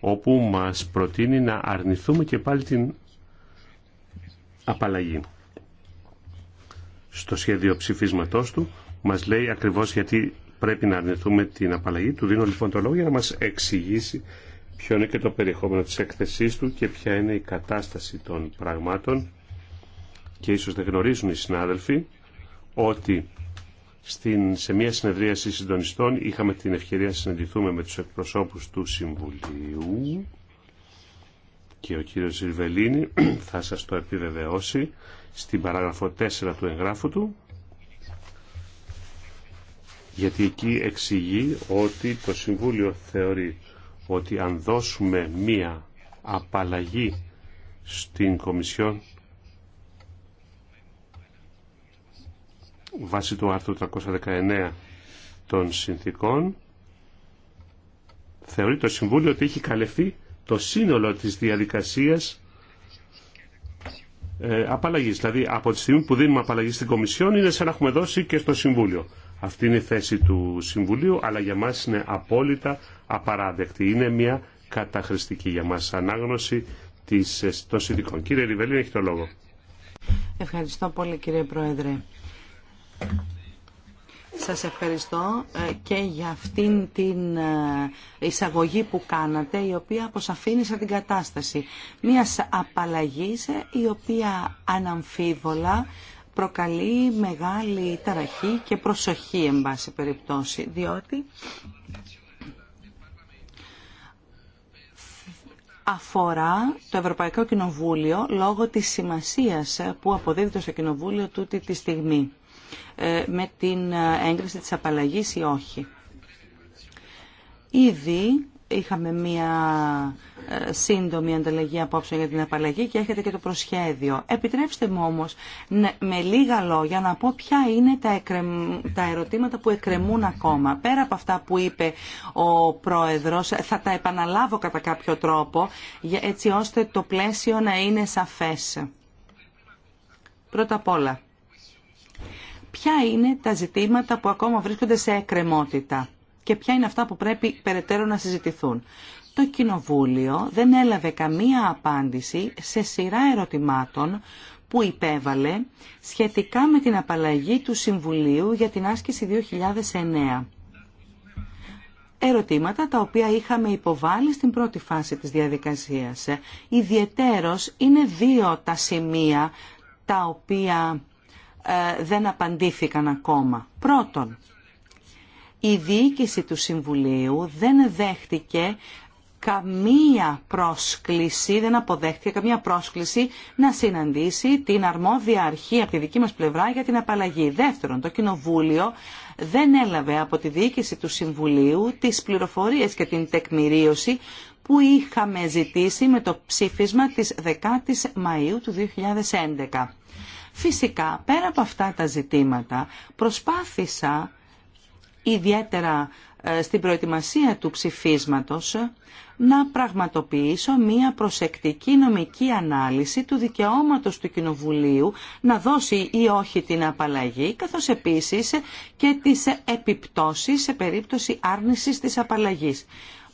όπου μας προτείνει να αρνηθούμε και πάλι την απαλλαγή. Στο σχέδιο ψηφίσματός του μας λέει ακριβώς γιατί πρέπει να αρνηθούμε την απαλλαγή. Του δίνω λοιπόν το λόγο για να μας εξηγήσει ποιο είναι και το περιεχόμενο της έκθεσής του και ποια είναι η κατάσταση των πραγμάτων και ίσως δεν γνωρίζουν οι συνάδελφοι ότι στην, σε μια συνεδρίαση συντονιστών είχαμε την ευκαιρία να συναντηθούμε με τους εκπροσώπους του Συμβουλίου και ο κύριος Ζιρβελίνη [clears throat] θα σας το επιβεβαιώσει στην παράγραφο 4 του εγγράφου του γιατί εκεί εξηγεί ότι το Συμβούλιο θεωρεί ότι αν δώσουμε μία απαλλαγή στην Κομισιόν βάσει του άρθρου 319 των συνθήκων θεωρεί το Συμβούλιο ότι έχει καλευθεί το σύνολο της διαδικασίας ε, απαλλαγής. Δηλαδή από τη στιγμή που δίνουμε απαλλαγή στην Κομισιόν είναι σαν να έχουμε δώσει και στο Συμβούλιο. Αυτή είναι η θέση του Συμβουλίου, αλλά για μας είναι απόλυτα απαράδεκτη. Είναι μια καταχρηστική για μας ανάγνωση της, των συνδικών. Κύριε Ριβελίνη, έχει το λόγο. Ευχαριστώ πολύ κύριε Πρόεδρε. Σας ευχαριστώ ε, και για αυτήν την ε, εισαγωγή που κάνατε, η οποία αποσαφήνισε την κατάσταση. μια απαλλαγής ε, η οποία αναμφίβολα προκαλεί μεγάλη ταραχή και προσοχή, εν πάση περιπτώσει, διότι αφορά το Ευρωπαϊκό Κοινοβούλιο λόγω της σημασίας που αποδίδεται στο Κοινοβούλιο τούτη τη στιγμή ε, με την έγκριση της απαλλαγής ή όχι. Ήδη είχαμε μία ε, σύντομη ανταλλαγή απόψε για την απαλλαγή και έχετε και το προσχέδιο. Επιτρέψτε μου όμως ναι, με λίγα λόγια να πω ποια είναι τα, τα ερωτήματα που εκκρεμούν ακόμα. Πέρα από αυτά που είπε ο Πρόεδρος, θα τα επαναλάβω κατά κάποιο τρόπο έτσι ώστε το πλαίσιο να είναι σαφές. Πρώτα απ' όλα, ποια είναι τα ζητήματα που ακόμα βρίσκονται σε εκκρεμότητα και ποια είναι αυτά που πρέπει περαιτέρω να συζητηθούν. Το Κοινοβούλιο δεν έλαβε καμία απάντηση σε σειρά ερωτημάτων που υπέβαλε σχετικά με την απαλλαγή του Συμβουλίου για την άσκηση 2009. Ερωτήματα τα οποία είχαμε υποβάλει στην πρώτη φάση της διαδικασίας. Ιδιαιτέρως είναι δύο τα σημεία τα οποία ε, δεν απαντήθηκαν ακόμα. Πρώτον, η διοίκηση του Συμβουλίου δεν δέχτηκε καμία πρόσκληση, δεν αποδέχτηκε καμία πρόσκληση να συναντήσει την αρμόδια αρχή από τη δική μας πλευρά για την απαλλαγή. Δεύτερον, το Κοινοβούλιο δεν έλαβε από τη διοίκηση του Συμβουλίου τις πληροφορίες και την τεκμηρίωση που είχαμε ζητήσει με το ψήφισμα της 10ης Μαΐου του 2011. Φυσικά, πέρα από αυτά τα ζητήματα, προσπάθησα ιδιαίτερα ε, στην προετοιμασία του ψηφίσματος να πραγματοποιήσω μία προσεκτική νομική ανάλυση του δικαιώματος του Κοινοβουλίου να δώσει ή όχι την απαλλαγή, καθώς επίσης και τις επιπτώσεις σε περίπτωση άρνησης της απαλλαγής.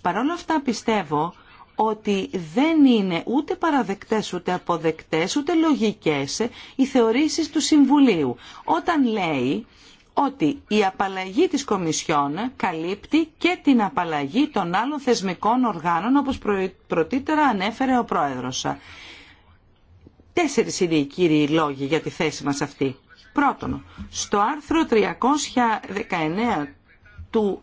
Παρ' όλα αυτά πιστεύω ότι δεν είναι ούτε παραδεκτές, ούτε αποδεκτές, ούτε λογικές οι θεωρήσεις του Συμβουλίου. Όταν λέει ότι η απαλλαγή της Κομισιόν καλύπτει και την απαλλαγή των άλλων θεσμικών οργάνων, όπως πρωτήτερα ανέφερε ο Πρόεδρος. Τέσσερις είναι οι κύριοι λόγοι για τη θέση μας αυτή. Πρώτον, στο άρθρο 319 του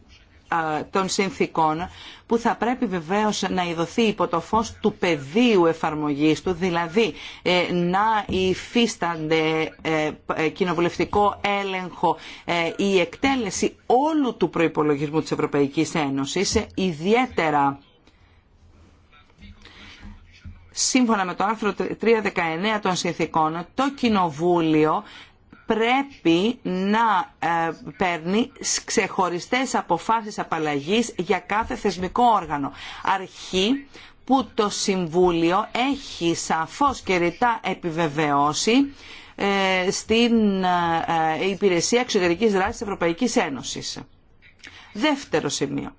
των συνθήκων που θα πρέπει βεβαίως να ειδωθεί υπό το φως του πεδίου εφαρμογής του, δηλαδή ε, να υφίστανται ε, ε, κοινοβουλευτικό έλεγχο η εκτέλεση όλου του προϋπολογισμού της Ευρωπαϊκής Ένωσης, ιδιαίτερα σύμφωνα με το άρθρο 319 των συνθήκων, το Κοινοβούλιο πρέπει να ε, παίρνει ξεχωριστές αποφάσεις απαλλαγής για κάθε θεσμικό όργανο. Αρχή που το Συμβούλιο έχει σαφώς και ρητά επιβεβαιώσει ε, στην ε, Υπηρεσία Εξωτερικής Δράσης της Ευρωπαϊκής Ένωσης. Δεύτερο σημείο.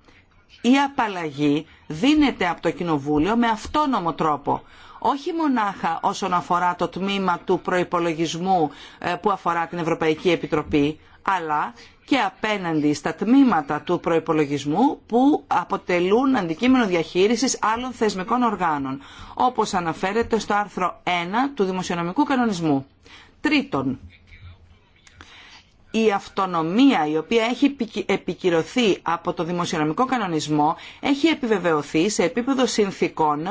Η απαλλαγή δίνεται από το Κοινοβούλιο με αυτόνομο τρόπο όχι μονάχα όσον αφορά το τμήμα του προϋπολογισμού ε, που αφορά την Ευρωπαϊκή Επιτροπή, αλλά και απέναντι στα τμήματα του προϋπολογισμού που αποτελούν αντικείμενο διαχείρισης άλλων θεσμικών οργάνων, όπως αναφέρεται στο άρθρο 1 του Δημοσιονομικού Κανονισμού. Τρίτον, η αυτονομία η οποία έχει επικυρωθεί από το δημοσιονομικό κανονισμό έχει επιβεβαιωθεί σε επίπεδο συνθήκων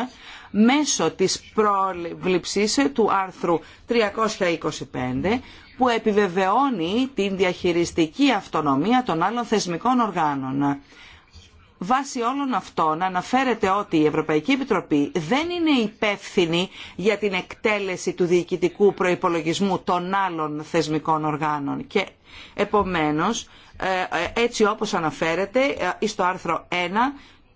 μέσω της πρόληψης του άρθρου 325 που επιβεβαιώνει την διαχειριστική αυτονομία των άλλων θεσμικών οργάνων. Βάσει όλων αυτών αναφέρεται ότι η Ευρωπαϊκή Επιτροπή δεν είναι υπεύθυνη για την εκτέλεση του διοικητικού προϋπολογισμού των άλλων θεσμικών οργάνων και επομένως ε, ε, έτσι όπως αναφέρεται ε, στο άρθρο 1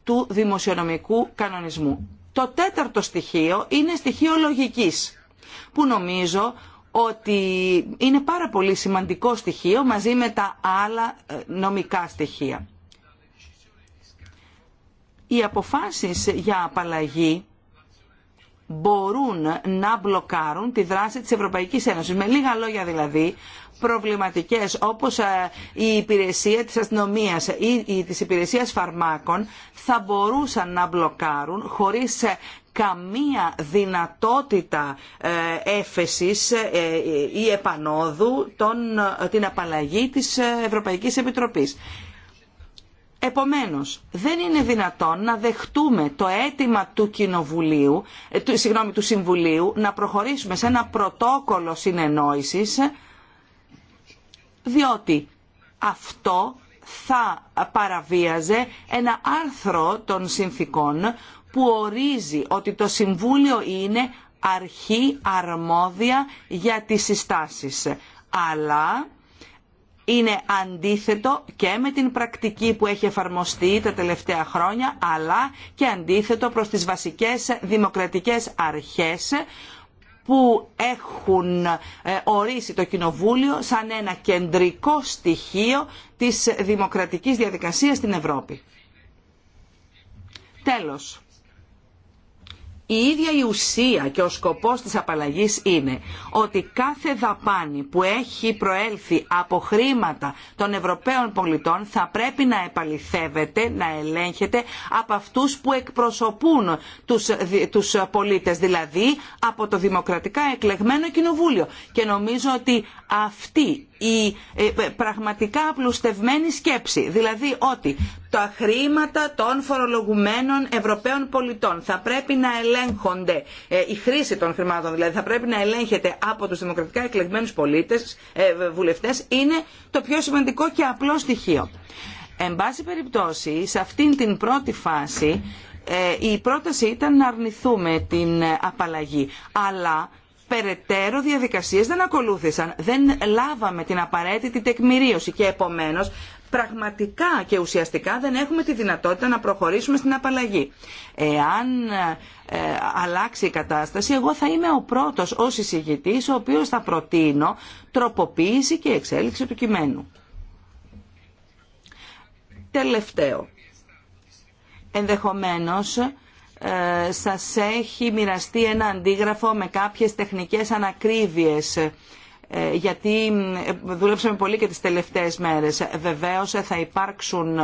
του δημοσιονομικού κανονισμού. Το τέταρτο στοιχείο είναι στοιχείο λογικής, που νομίζω ότι είναι πάρα πολύ σημαντικό στοιχείο μαζί με τα άλλα ε, νομικά στοιχεία. Οι αποφάσεις για απαλλαγή μπορούν να μπλοκάρουν τη δράση της Ευρωπαϊκής Ένωσης. Με λίγα λόγια δηλαδή, προβληματικές όπως ε, η υπηρεσία της αστυνομίας ή της υπηρεσίας φαρμάκων θα μπορούσαν να μπλοκάρουν χωρίς ε, καμία δυνατότητα ε, έφεσης ή επανόδου τον, την απαλλαγή της Ευρωπαϊκής Επιτροπής. Επομένως, δεν είναι δυνατόν να δεχτούμε το αίτημα του, κοινοβουλίου, του, συγγνώμη, του Συμβουλίου να προχωρήσουμε σε ένα πρωτόκολλο συνεννόησης διότι αυτό θα παραβίαζε ένα άρθρο των συνθήκων που ορίζει ότι το Συμβούλιο είναι αρχή αρμόδια για τις συστάσεις. Αλλά είναι αντίθετο και με την πρακτική που έχει εφαρμοστεί τα τελευταία χρόνια, αλλά και αντίθετο προς τις βασικές δημοκρατικές αρχές που έχουν ε, ορίσει το Κοινοβούλιο σαν ένα κεντρικό στοιχείο της δημοκρατικής διαδικασίας στην Ευρώπη. Τέλος, η ίδια η ουσία και ο σκοπός της απαλλαγής είναι ότι κάθε δαπάνη που έχει προέλθει από χρήματα των Ευρωπαίων πολιτών θα πρέπει να επαληθεύεται, να ελέγχεται από αυτούς που εκπροσωπούν τους, τους πολίτες, δηλαδή από το δημοκρατικά εκλεγμένο κοινοβούλιο. Και νομίζω ότι αυτή η ε, ε, πραγματικά απλουστευμένη σκέψη. Δηλαδή ότι τα χρήματα των φορολογουμένων Ευρωπαίων πολιτών θα πρέπει να ελέγχονται, ε, η χρήση των χρημάτων δηλαδή θα πρέπει να ελέγχεται από τους δημοκρατικά εκλεγμένους πολίτες, βουλευτές, είναι το πιο σημαντικό και απλό στοιχείο. Εν πάση περιπτώσει, σε αυτήν την πρώτη φάση η πρόταση ήταν να αρνηθούμε την απαλλαγή. Αλλά περαιτέρω διαδικασίες δεν ακολούθησαν. Δεν λάβαμε την απαραίτητη τεκμηρίωση και επομένως πραγματικά και ουσιαστικά δεν έχουμε τη δυνατότητα να προχωρήσουμε στην απαλλαγή. Εάν ε, αλλάξει η κατάσταση, εγώ θα είμαι ο πρώτος ως εισηγητής ο οποίος θα προτείνω τροποποίηση και εξέλιξη του κειμένου. Τελευταίο. Ενδεχομένως ε, σας έχει μοιραστεί ένα αντίγραφο με κάποιες τεχνικές ανακρίβειες ε, γιατί ε, δουλέψαμε πολύ και τις τελευταίες μέρες. Βεβαίως θα, υπάρξουν,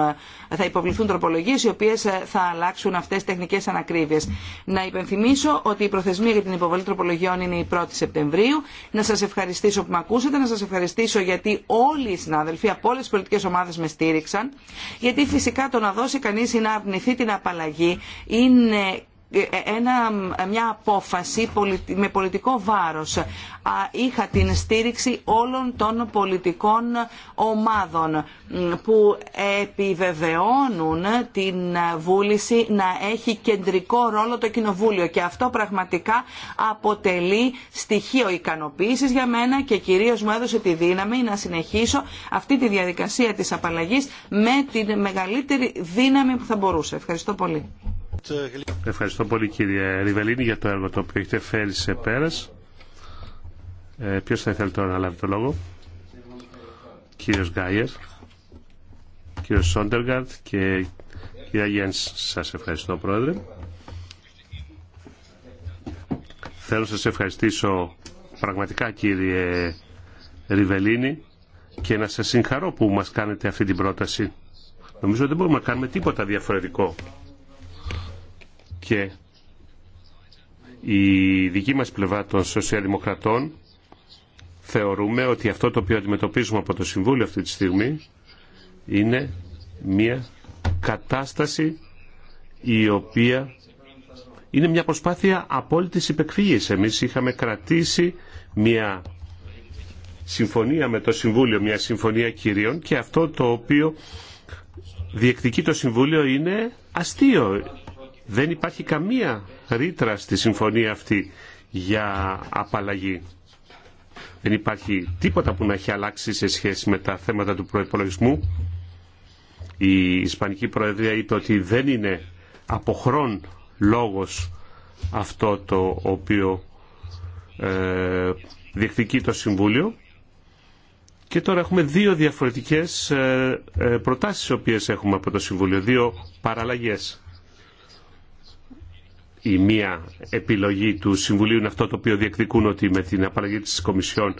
θα υποβληθούν τροπολογίες οι οποίες θα αλλάξουν αυτές τις τεχνικές ανακρίβειες. Να υπενθυμίσω ότι η προθεσμία για την υποβολή τροπολογιών είναι η 1η Σεπτεμβρίου. Να σας ευχαριστήσω που με ακούσατε, να σας ευχαριστήσω γιατί όλοι οι συνάδελφοι από όλες τις πολιτικές ομάδες με στήριξαν, γιατί φυσικά το να δώσει κανείς ή να αρνηθεί την απαλλαγή είναι ε, ε, ένα, μια απόφαση με πολιτικό βάρος. Είχα την στήριξη όλων των πολιτικών ομάδων που επιβεβαιώνουν την βούληση να έχει κεντρικό ρόλο το Κοινοβούλιο και αυτό πραγματικά αποτελεί στοιχείο ικανοποίησης για μένα και κυρίως μου έδωσε τη δύναμη να συνεχίσω αυτή τη διαδικασία της απαλλαγής με την μεγαλύτερη δύναμη που θα μπορούσε. Ευχαριστώ πολύ. Ευχαριστώ πολύ κύριε Ριβελίνη για το έργο το οποίο έχετε φέρει σε πέρας. Ε, ποιος θα ήθελε τώρα να λάβει το λόγο. Κύριος Γκάιερ, κύριος Σόντεργαρτ και κυρία Γιάννης. Σας ευχαριστώ πρόεδρε. Θέλω να σας ευχαριστήσω πραγματικά κύριε Ριβελίνη και να σας συγχαρώ που μας κάνετε αυτή την πρόταση. Νομίζω ότι δεν μπορούμε να κάνουμε τίποτα διαφορετικό και η δική μας πλευρά των σοσιαλδημοκρατών θεωρούμε ότι αυτό το οποίο αντιμετωπίζουμε από το Συμβούλιο αυτή τη στιγμή είναι μια κατάσταση η οποία είναι μια προσπάθεια απόλυτης υπεκφύγης. Εμείς είχαμε κρατήσει μια συμφωνία με το Συμβούλιο, μια συμφωνία κυρίων και αυτό το οποίο διεκδικεί το Συμβούλιο είναι αστείο. Δεν υπάρχει καμία ρήτρα στη συμφωνία αυτή για απαλλαγή. Δεν υπάρχει τίποτα που να έχει αλλάξει σε σχέση με τα θέματα του προϋπολογισμού. Η Ισπανική Προεδρία είπε ότι δεν είναι αποχρόν λόγος αυτό το οποίο ε, διεκδικεί το Συμβούλιο. Και τώρα έχουμε δύο διαφορετικές ε, ε, προτάσεις οι οποίες έχουμε από το Συμβούλιο, δύο παραλλαγές η μία επιλογή του Συμβουλίου είναι αυτό το οποίο διεκδικούν ότι με την απαλλαγή της Κομισιόν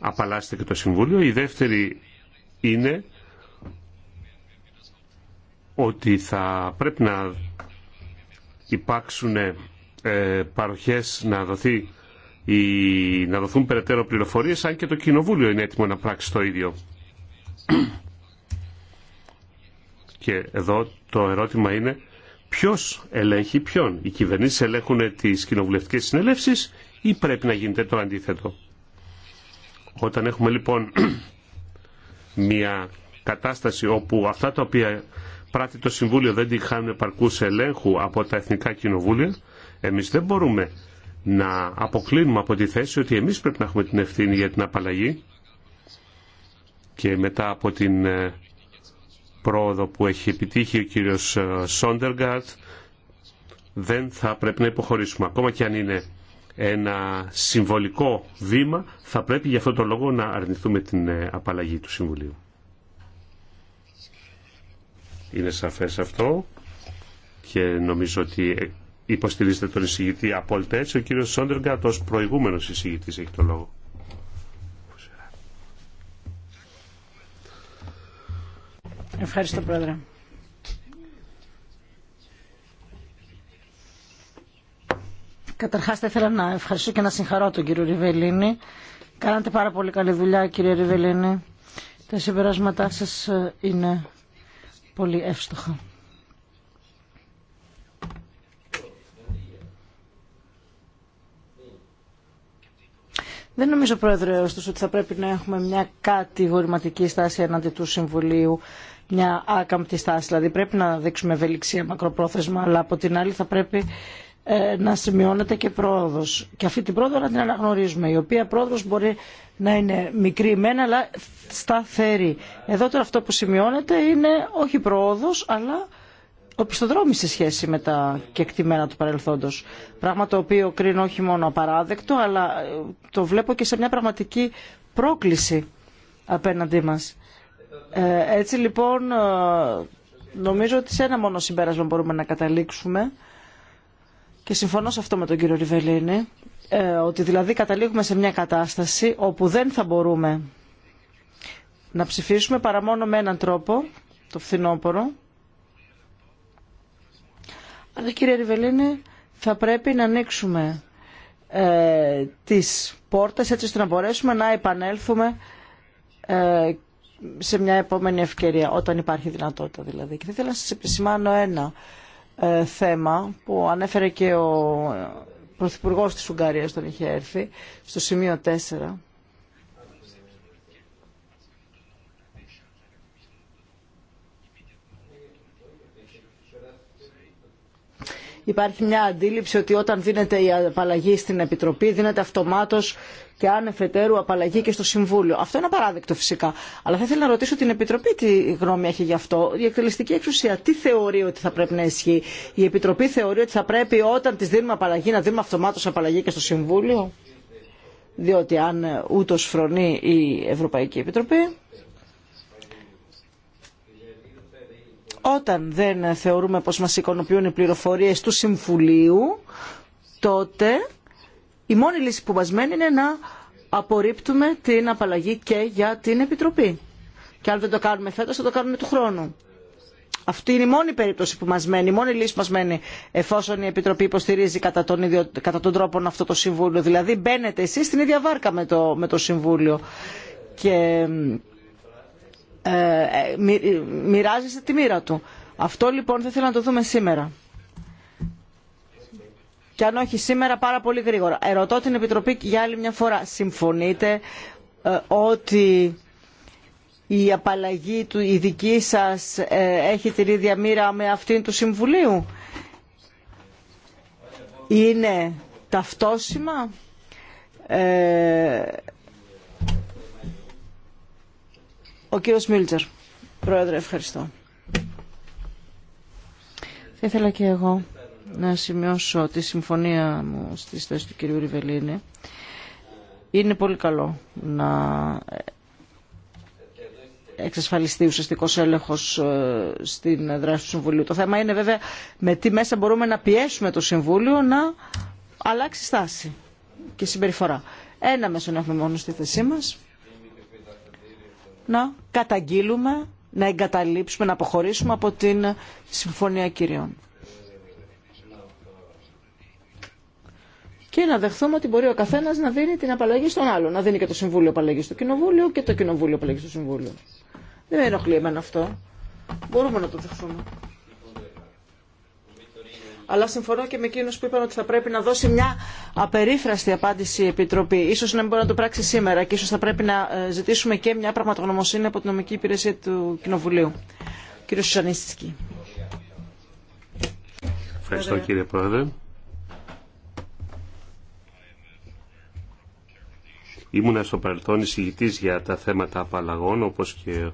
απαλλάσσεται και το Συμβούλιο. Η δεύτερη είναι ότι θα πρέπει να υπάρξουν ε, παροχές να, δοθεί, να δοθούν περαιτέρω πληροφορίες αν και το Κοινοβούλιο είναι έτοιμο να πράξει το ίδιο. Και εδώ το ερώτημα είναι Ποιο ελέγχει ποιον. Οι κυβερνήσει ελέγχουν τι κοινοβουλευτικέ συνελεύσει ή πρέπει να γίνεται το αντίθετο. Όταν έχουμε λοιπόν [clears throat] μια κατάσταση όπου αυτά τα οποία πράττει το Συμβούλιο δεν τη χάνουν επαρκού ελέγχου από τα εθνικά κοινοβούλια, εμεί δεν μπορούμε να αποκλίνουμε από τη θέση ότι εμεί πρέπει να έχουμε την ευθύνη για την απαλλαγή και μετά από την ε, πρόοδο που έχει επιτύχει ο κύριος Σόντεργαρτ δεν θα πρέπει να υποχωρήσουμε. Ακόμα και αν είναι ένα συμβολικό βήμα, θα πρέπει για αυτό το λόγο να αρνηθούμε την ε, απαλλαγή του Συμβουλίου. Είναι σαφές αυτό και νομίζω ότι ε, υποστηρίζεται τον εισηγητή απόλυτα έτσι. Ο κύριος Σόντεργαρτ ως προηγούμενος εισηγητής έχει το λόγο. Ευχαριστώ, Πρόεδρε. Καταρχάς θα ήθελα να ευχαριστώ και να συγχαρώ τον κύριο Ριβελίνη. Κάνατε πάρα πολύ καλή δουλειά κύριε Ριβελίνη. Τα συμπεράσματά σας ε, είναι πολύ εύστοχα. Δεν νομίζω, Πρόεδρε, ωστόσο, ότι θα πρέπει να έχουμε μια κατηγορηματική στάση εναντί του Συμβουλίου μια άκαμπτη στάση. Δηλαδή πρέπει να δείξουμε ευελιξία μακροπρόθεσμα, αλλά από την άλλη θα πρέπει ε, να σημειώνεται και πρόοδο. Και αυτή την πρόοδο να την αναγνωρίζουμε, η οποία πρόοδο μπορεί να είναι μικρή μένα, αλλά σταθερή. Εδώ τώρα αυτό που σημειώνεται είναι όχι πρόοδο, αλλά οπισθοδρόμηση σε σχέση με τα κεκτημένα του παρελθόντος. Πράγμα το οποίο κρίνω όχι μόνο απαράδεκτο, αλλά ε, το βλέπω και σε μια πραγματική πρόκληση απέναντί μας. Ε, έτσι λοιπόν ε, νομίζω ότι σε ένα μόνο συμπέρασμα μπορούμε να καταλήξουμε και συμφωνώ σε αυτό με τον κύριο Ριβελίνη ε, ότι δηλαδή καταλήγουμε σε μια κατάσταση όπου δεν θα μπορούμε να ψηφίσουμε παρά μόνο με έναν τρόπο το φθινόπωρο αλλά κύριε Ριβελίνη θα πρέπει να ανοίξουμε τις πόρτες έτσι ώστε να μπορέσουμε να επανέλθουμε σε μια επόμενη ευκαιρία, όταν υπάρχει δυνατότητα δηλαδή. Και θα ήθελα να σας επισημάνω ένα ε, θέμα που ανέφερε και ο Πρωθυπουργός της Ουγγαρίας τον είχε έρθει, στο σημείο 4. Υπάρχει μια αντίληψη ότι όταν δίνεται η απαλλαγή στην Επιτροπή δίνεται αυτομάτως και αν εφετέρου απαλλαγή και στο Συμβούλιο. Αυτό είναι απαράδεκτο φυσικά. Αλλά θα ήθελα να ρωτήσω την Επιτροπή τι γνώμη έχει γι' αυτό. Η εκτελεστική εξουσία τι θεωρεί ότι θα πρέπει να ισχύει. Η Επιτροπή θεωρεί ότι θα πρέπει όταν τη δίνουμε απαλλαγή να δίνουμε αυτομάτω απαλλαγή και στο Συμβούλιο. Διότι αν ούτω φρονεί η Ευρωπαϊκή Επιτροπή. Όταν δεν θεωρούμε πως μας εικονοποιούν οι πληροφορίες του Συμβουλίου, τότε η μόνη λύση που μας μένει είναι να απορρίπτουμε την απαλλαγή και για την Επιτροπή. Και αν δεν το κάνουμε φέτος θα το κάνουμε του χρόνου. Αυτή είναι η μόνη περίπτωση που μας μένει, η μόνη λύση που μας μένει εφόσον η Επιτροπή υποστηρίζει κατά τον, ίδιο, κατά τον τρόπο αυτό το Συμβούλιο. Δηλαδή μπαίνετε εσείς στην ίδια βάρκα με το, με το Συμβούλιο και ε, ε, μοιράζεστε τη μοίρα του. Αυτό λοιπόν θα ήθελα να το δούμε σήμερα και αν όχι σήμερα πάρα πολύ γρήγορα. Ερωτώ την Επιτροπή για άλλη μια φορά. Συμφωνείτε ε, ότι η απαλλαγή του, η δική σας ε, έχει την ίδια μοίρα με αυτήν του Συμβουλίου. Είναι ταυτόσημα. Ε, ο κύριος Μίλτζερ, Πρόεδρε, ευχαριστώ. Θα ήθελα και εγώ να σημειώσω τη συμφωνία μου στη θέση του κυρίου Ριβελίνη. Είναι πολύ καλό να εξασφαλιστεί ουσιαστικό έλεγχο ε, στην δράση του Συμβουλίου. Το θέμα είναι βέβαια με τι μέσα μπορούμε να πιέσουμε το Συμβούλιο να αλλάξει στάση και συμπεριφορά. Ένα μέσο να έχουμε μόνο στη θέσή μα. Να καταγγείλουμε, να εγκαταλείψουμε, να αποχωρήσουμε από την Συμφωνία Κυρίων. και να δεχθούμε ότι μπορεί ο καθένα να δίνει την απαλλαγή στον άλλο. Να δίνει και το Συμβούλιο απαλλαγή στο Κοινοβούλιο και το Κοινοβούλιο απαλλαγή στο Συμβούλιο. Δεν με ενοχλεί εμένα αυτό. Μπορούμε να το δεχθούμε. Αλλά συμφωνώ και με εκείνου που είπαν ότι θα πρέπει να δώσει μια απερίφραστη απάντηση η Επιτροπή. σω να μην μπορεί να το πράξει σήμερα και ίσω θα πρέπει να ε, ζητήσουμε και μια πραγματογνωμοσύνη από την νομική υπηρεσία του Κοινοβουλίου. Κύριο Ευχαριστώ κύριε Πρόεδρε. Ήμουνα στο παρελθόν εισηγητής για τα θέματα απαλλαγών, όπως και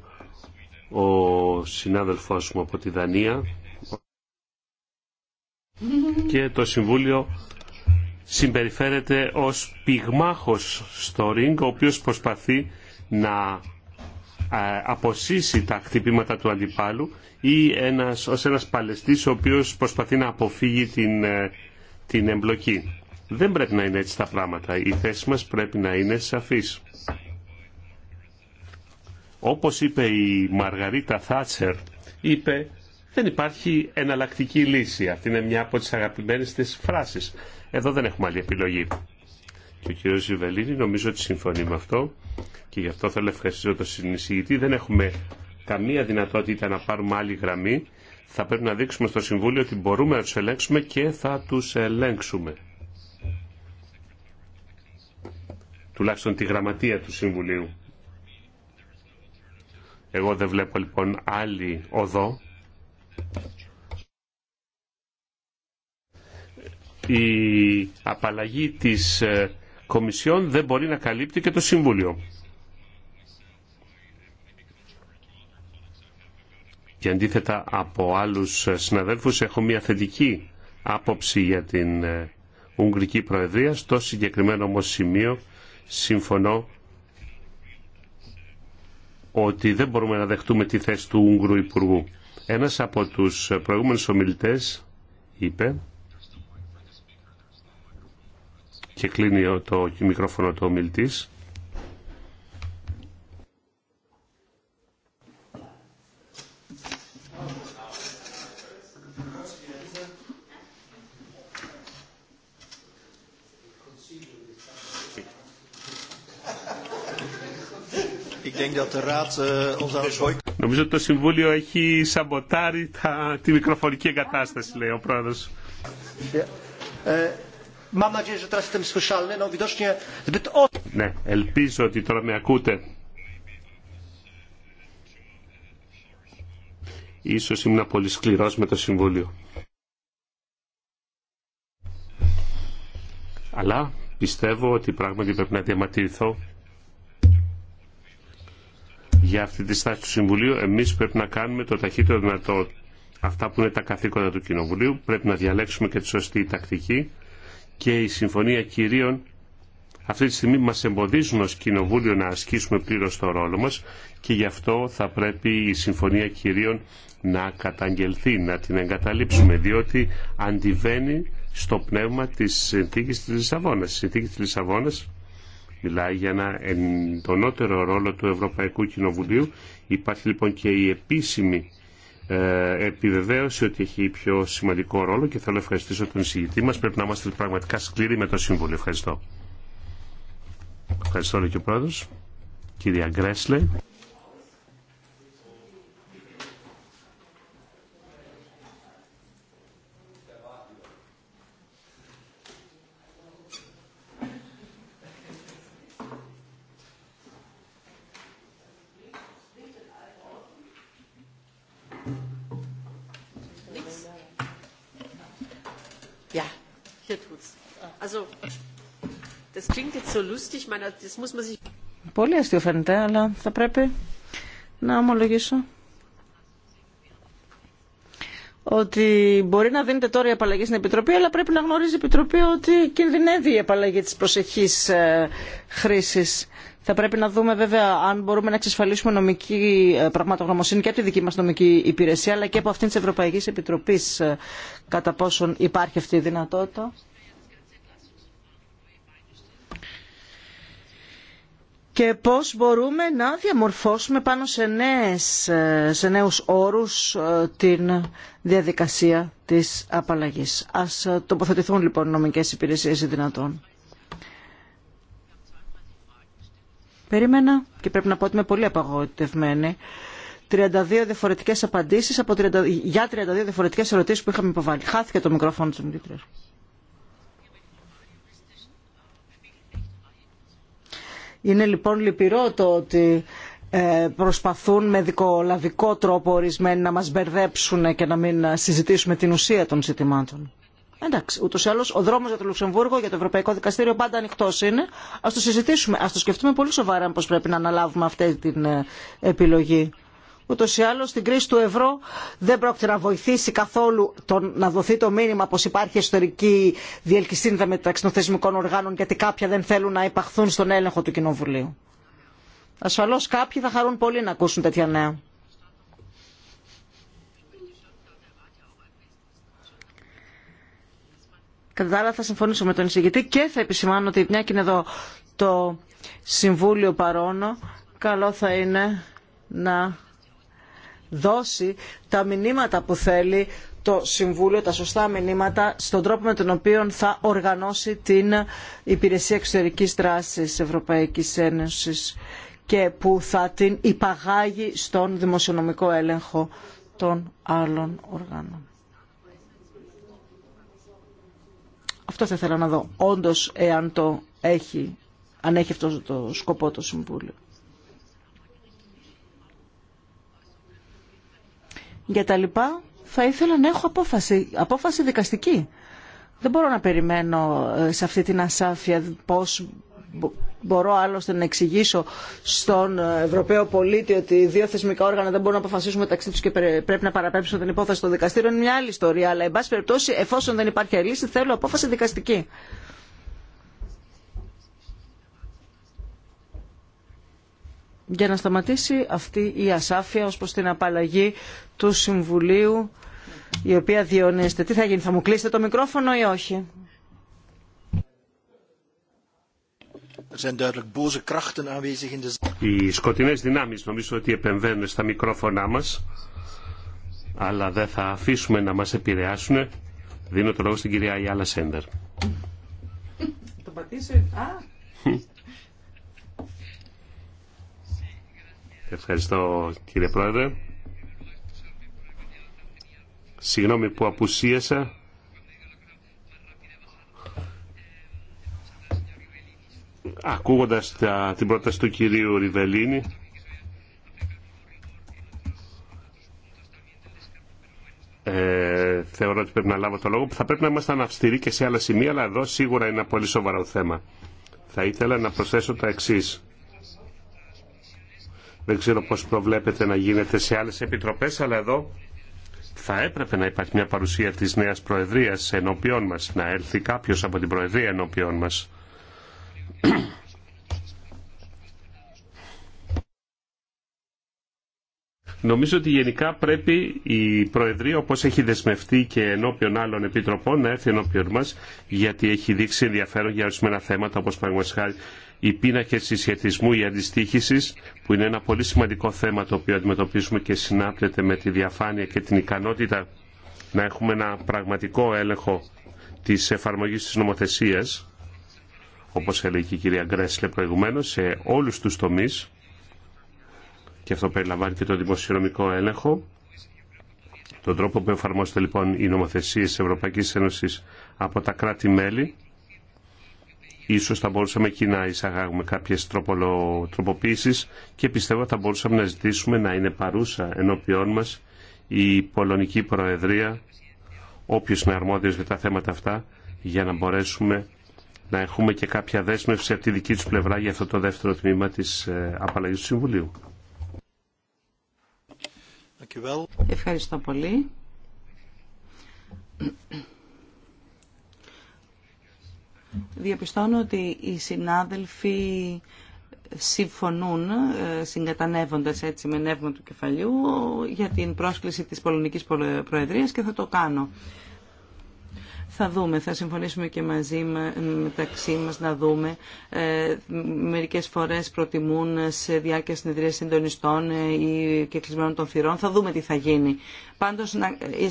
ο συνάδελφός μου από τη Δανία. Και το Συμβούλιο συμπεριφέρεται ως πυγμάχος στο ρίγκ, ο οποίος προσπαθεί να ε, αποσύσει τα χτυπήματα του αντιπάλου ή ένας, ως ένας παλαιστής ο οποίος προσπαθεί να αποφύγει την, ε, την εμπλοκή. Δεν πρέπει να είναι έτσι τα πράγματα. Η θέση μας πρέπει να είναι σαφής. Όπως είπε η Μαργαρίτα Θάτσερ, είπε δεν υπάρχει εναλλακτική λύση. Αυτή είναι μια από τις αγαπημένες της φράσεις. Εδώ δεν έχουμε άλλη επιλογή. Και ο κ. Ζιβελίνη νομίζω ότι συμφωνεί με αυτό και γι' αυτό θέλω να ευχαριστήσω τον συνεισηγητή. Δεν έχουμε καμία δυνατότητα να πάρουμε άλλη γραμμή. Θα πρέπει να δείξουμε στο Συμβούλιο ότι μπορούμε να τους ελέγξουμε και θα τους ελέγξουμε. τουλάχιστον τη γραμματεία του Συμβουλίου. Εγώ δεν βλέπω λοιπόν άλλη οδό. Η απαλλαγή της ε, Κομισιόν δεν μπορεί να καλύπτει και το Συμβούλιο. Και αντίθετα από άλλους ε, συναδέλφους έχω μια θετική άποψη για την ε, Ουγγρική Προεδρία. Στο συγκεκριμένο όμως σημείο συμφωνώ ότι δεν μπορούμε να δεχτούμε τη θέση του Ούγγρου Υπουργού. Ένας από τους προηγούμενους ομιλητές είπε και κλείνει το μικρόφωνο του ομιλητής Eh, Νομίζω ότι το Συμβούλιο έχει σαμποτάρει τα, τη μικροφωνική εγκατάσταση, λέει ο πρόεδρος. Ε, ναι, ελπίζω ότι τώρα με ακούτε. Ίσως ήμουν πολύ σκληρός με το Συμβούλιο. Αλλά πιστεύω ότι πράγματι πρέπει να διαμαρτυρηθώ για αυτή τη στάση του Συμβουλίου. Εμείς πρέπει να κάνουμε το ταχύτερο δυνατό αυτά που είναι τα καθήκοντα του Κοινοβουλίου. Πρέπει να διαλέξουμε και τη σωστή τακτική και η Συμφωνία Κυρίων αυτή τη στιγμή μας εμποδίζουν ως Κοινοβούλιο να ασκήσουμε πλήρως το ρόλο μας και γι' αυτό θα πρέπει η Συμφωνία Κυρίων να καταγγελθεί, να την εγκαταλείψουμε, διότι αντιβαίνει στο πνεύμα της συνθήκης της Λισαβόνας. Η συνθήκη της Λισαβόνας μιλάει για ένα εντονότερο ρόλο του Ευρωπαϊκού Κοινοβουλίου. Υπάρχει λοιπόν και η επίσημη ε, επιβεβαίωση ότι έχει πιο σημαντικό ρόλο και θέλω να ευχαριστήσω τον εισηγητή μας. Πρέπει να είμαστε πραγματικά σκληροί με το Σύμβολο. Ευχαριστώ. Ευχαριστώ, όλοι και ο Πρόεδρος. Κυρία Γκρέσλε. Πολύ αστείο φαίνεται, αλλά θα πρέπει να ομολογήσω ότι μπορεί να δίνεται τώρα η απαλλαγή στην Επιτροπή, αλλά πρέπει να γνωρίζει η Επιτροπή ότι κινδυνεύει η απαλλαγή της προσεχής ε, χρήσης. Θα πρέπει να δούμε βέβαια αν μπορούμε να εξασφαλίσουμε νομική ε, πραγματογνωμοσύνη και από τη δική μας νομική υπηρεσία, αλλά και από αυτήν της Ευρωπαϊκής Επιτροπής, ε, κατά πόσον υπάρχει αυτή η δυνατότητα. και πώς μπορούμε να διαμορφώσουμε πάνω σε, νέες, σε νέους όρους ε, την διαδικασία της απαλλαγής. Ας ε, τοποθετηθούν λοιπόν νομικές υπηρεσίες δυνατών. δυνατόν. Περίμενα και πρέπει να πω ότι είμαι πολύ απαγοητευμένη. 32 διαφορετικές απαντήσεις από για 32 διαφορετικές ερωτήσεις που είχαμε υποβάλει. Χάθηκε το μικρόφωνο της ομιλήτριας. Είναι λοιπόν λυπηρό το ότι ε, προσπαθούν με δικολαβικό τρόπο ορισμένοι να μας μπερδέψουν και να μην συζητήσουμε την ουσία των ζητημάτων. Εντάξει, ούτω ή άλλω ο δρόμο για το Λουξεμβούργο, για το Ευρωπαϊκό Δικαστήριο πάντα ανοιχτό είναι. Α το συζητήσουμε, α το σκεφτούμε πολύ σοβαρά πώ πρέπει να αναλάβουμε αυτή την ε, επιλογή. Ούτως ή άλλως στην κρίση του ευρώ δεν πρόκειται να βοηθήσει καθόλου να δοθεί το μήνυμα πως υπάρχει εσωτερική διελκυστίνδα μεταξύ των θεσμικών οργάνων γιατί κάποια δεν θέλουν να υπαχθούν στον έλεγχο του Κοινοβουλίου. Ασφαλώς κάποιοι θα χαρούν πολύ να ακούσουν τέτοια νέα. Κατά τα άλλα θα συμφωνήσω με τον εισηγητή και θα επισημάνω ότι μια και είναι εδώ το Συμβούλιο παρόνο, καλό θα είναι να δώσει τα μηνύματα που θέλει το Συμβούλιο, τα σωστά μηνύματα, στον τρόπο με τον οποίο θα οργανώσει την Υπηρεσία Εξωτερικής Δράσης Ευρωπαϊκής Ένωσης και που θα την υπαγάγει στον δημοσιονομικό έλεγχο των άλλων οργάνων. Αυτό θα ήθελα να δω, όντως, εάν το έχει, αν έχει αυτό το σκοπό το Συμβούλιο. για τα λοιπά, θα ήθελα να έχω απόφαση, απόφαση δικαστική. Δεν μπορώ να περιμένω ε, σε αυτή την ασάφεια πώς μπορώ άλλωστε να εξηγήσω στον ε, Ευρωπαίο πολίτη ότι δύο θεσμικά όργανα δεν μπορούν να αποφασίσουν μεταξύ του και πρέπει να παραπέμψουν την υπόθεση στο δικαστήριο. Είναι μια άλλη ιστορία. Αλλά, εν πάση περιπτώσει, εφόσον δεν υπάρχει λύση, θέλω απόφαση δικαστική. για να σταματήσει αυτή η ασάφεια ως προς την απαλλαγή του Συμβουλίου η οποία διονέστε. Τι θα γίνει, θα μου κλείσετε το μικρόφωνο ή όχι. Er Οι σκοτεινές δυνάμεις νομίζω ότι επεμβαίνουν στα μικρόφωνά μας αλλά δεν θα αφήσουμε να μας επηρεάσουν. Δίνω το λόγο στην κυρία Ιάλα Σέντερ. Το πατήσε. Α. Ευχαριστώ κύριε Πρόεδρε. Συγγνώμη που απουσίασα. Ακούγοντας τα, την πρόταση του κυρίου Ριβελίνη, ε, θεωρώ ότι πρέπει να λάβω το λόγο. που Θα πρέπει να ήμασταν αυστηροί και σε άλλα σημεία, αλλά εδώ σίγουρα είναι ένα πολύ σοβαρό θέμα. Θα ήθελα να προσθέσω τα εξής δεν ξέρω πώς προβλέπετε να γίνεται σε άλλες επιτροπές, αλλά εδώ θα έπρεπε να υπάρχει μια παρουσία της νέας Προεδρίας ενώπιόν μας, να έρθει κάποιος από την Προεδρία ενώπιόν μας. Νομίζω ότι γενικά πρέπει η Προεδρία, όπως έχει δεσμευτεί και ενώπιον άλλων επιτροπών, να έρθει ενώπιον μας, γιατί έχει δείξει ενδιαφέρον για ορισμένα θέματα, όπως παραδείγματος οι πίνακε συσχετισμού ή αντιστοίχηση, που είναι ένα πολύ σημαντικό θέμα το οποίο αντιμετωπίζουμε και συνάπτεται με τη διαφάνεια και την ικανότητα να έχουμε ένα πραγματικό έλεγχο της εφαρμογής της νομοθεσίας, όπως έλεγε και η κυρία Γκρέσλε προηγουμένω σε όλους τους τομεί, και αυτό περιλαμβάνει και το δημοσιονομικό έλεγχο, τον τρόπο που εφαρμόζεται λοιπόν η νομοθεσία της Ευρωπαϊκής Ένωσης από τα κράτη-μέλη, Ίσως θα μπορούσαμε εκεί να εισαγάγουμε κάποιες τροπολο... τροποποίησεις και πιστεύω θα μπορούσαμε να ζητήσουμε να είναι παρούσα ενώπιόν μας η Πολωνική Προεδρία, όποιος είναι αρμόδιος για τα θέματα αυτά, για να μπορέσουμε να έχουμε και κάποια δέσμευση από τη δική τους πλευρά για αυτό το δεύτερο τμήμα της ε, απαλλαγής του Συμβουλίου. Ευχαριστώ πολύ. Διαπιστώνω ότι οι συνάδελφοι συμφωνούν, ε, συγκατανεύοντας έτσι με νεύμα του κεφαλιού, για την πρόσκληση της Πολωνικής Προεδρίας και θα το κάνω. Θα δούμε, θα συμφωνήσουμε και μαζί μεταξύ μας να δούμε. Ε, μερικές φορές προτιμούν σε διάρκεια συνεδρίας συντονιστών ε, ή και κλεισμένων των θυρών. Θα δούμε τι θα γίνει. Πάντως,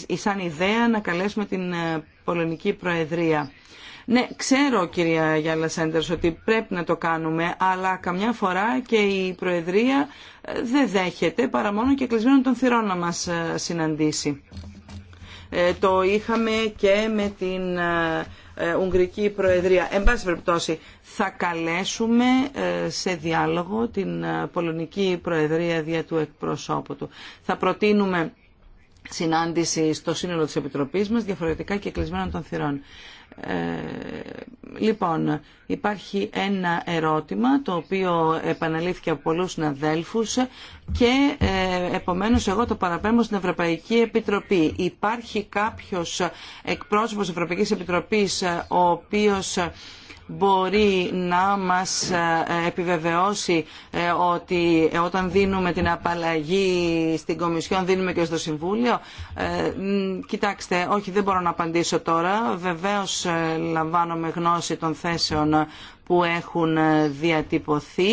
ε, σαν ιδέα να καλέσουμε την Πολωνική Προεδρία ναι, ξέρω κυρία Γιάλα Σέντερς ότι πρέπει να το κάνουμε, αλλά καμιά φορά και η Προεδρία ε, δεν δέχεται παρά μόνο και κλεισμένο των θυρών να μας ε, συναντήσει. Ε, το είχαμε και με την Ουγγρική Προεδρία. Εν πάση περιπτώσει, θα καλέσουμε σε διάλογο την Πολωνική Προεδρία δια του εκπροσώπου του. Θα προτείνουμε συνάντηση στο σύνολο της Επιτροπής μας, διαφορετικά και κλεισμένων των θυρών. Ε, λοιπόν, υπάρχει ένα ερώτημα το οποίο επαναλήφθηκε από πολλούς συναδέλφους και ε, επομένως εγώ το παραπέμπω στην Ευρωπαϊκή Επιτροπή. Υπάρχει κάποιος εκπρόσωπος Ευρωπαϊκής Επιτροπής ο οποίος μπορεί να μας ε, επιβεβαιώσει ε, ότι όταν δίνουμε την απαλλαγή στην Κομισιόν δίνουμε και στο Συμβούλιο. Ε, κοιτάξτε, όχι δεν μπορώ να απαντήσω τώρα. Βεβαίως λαμβάνομαι γνώση των θέσεων που έχουν διατυπωθεί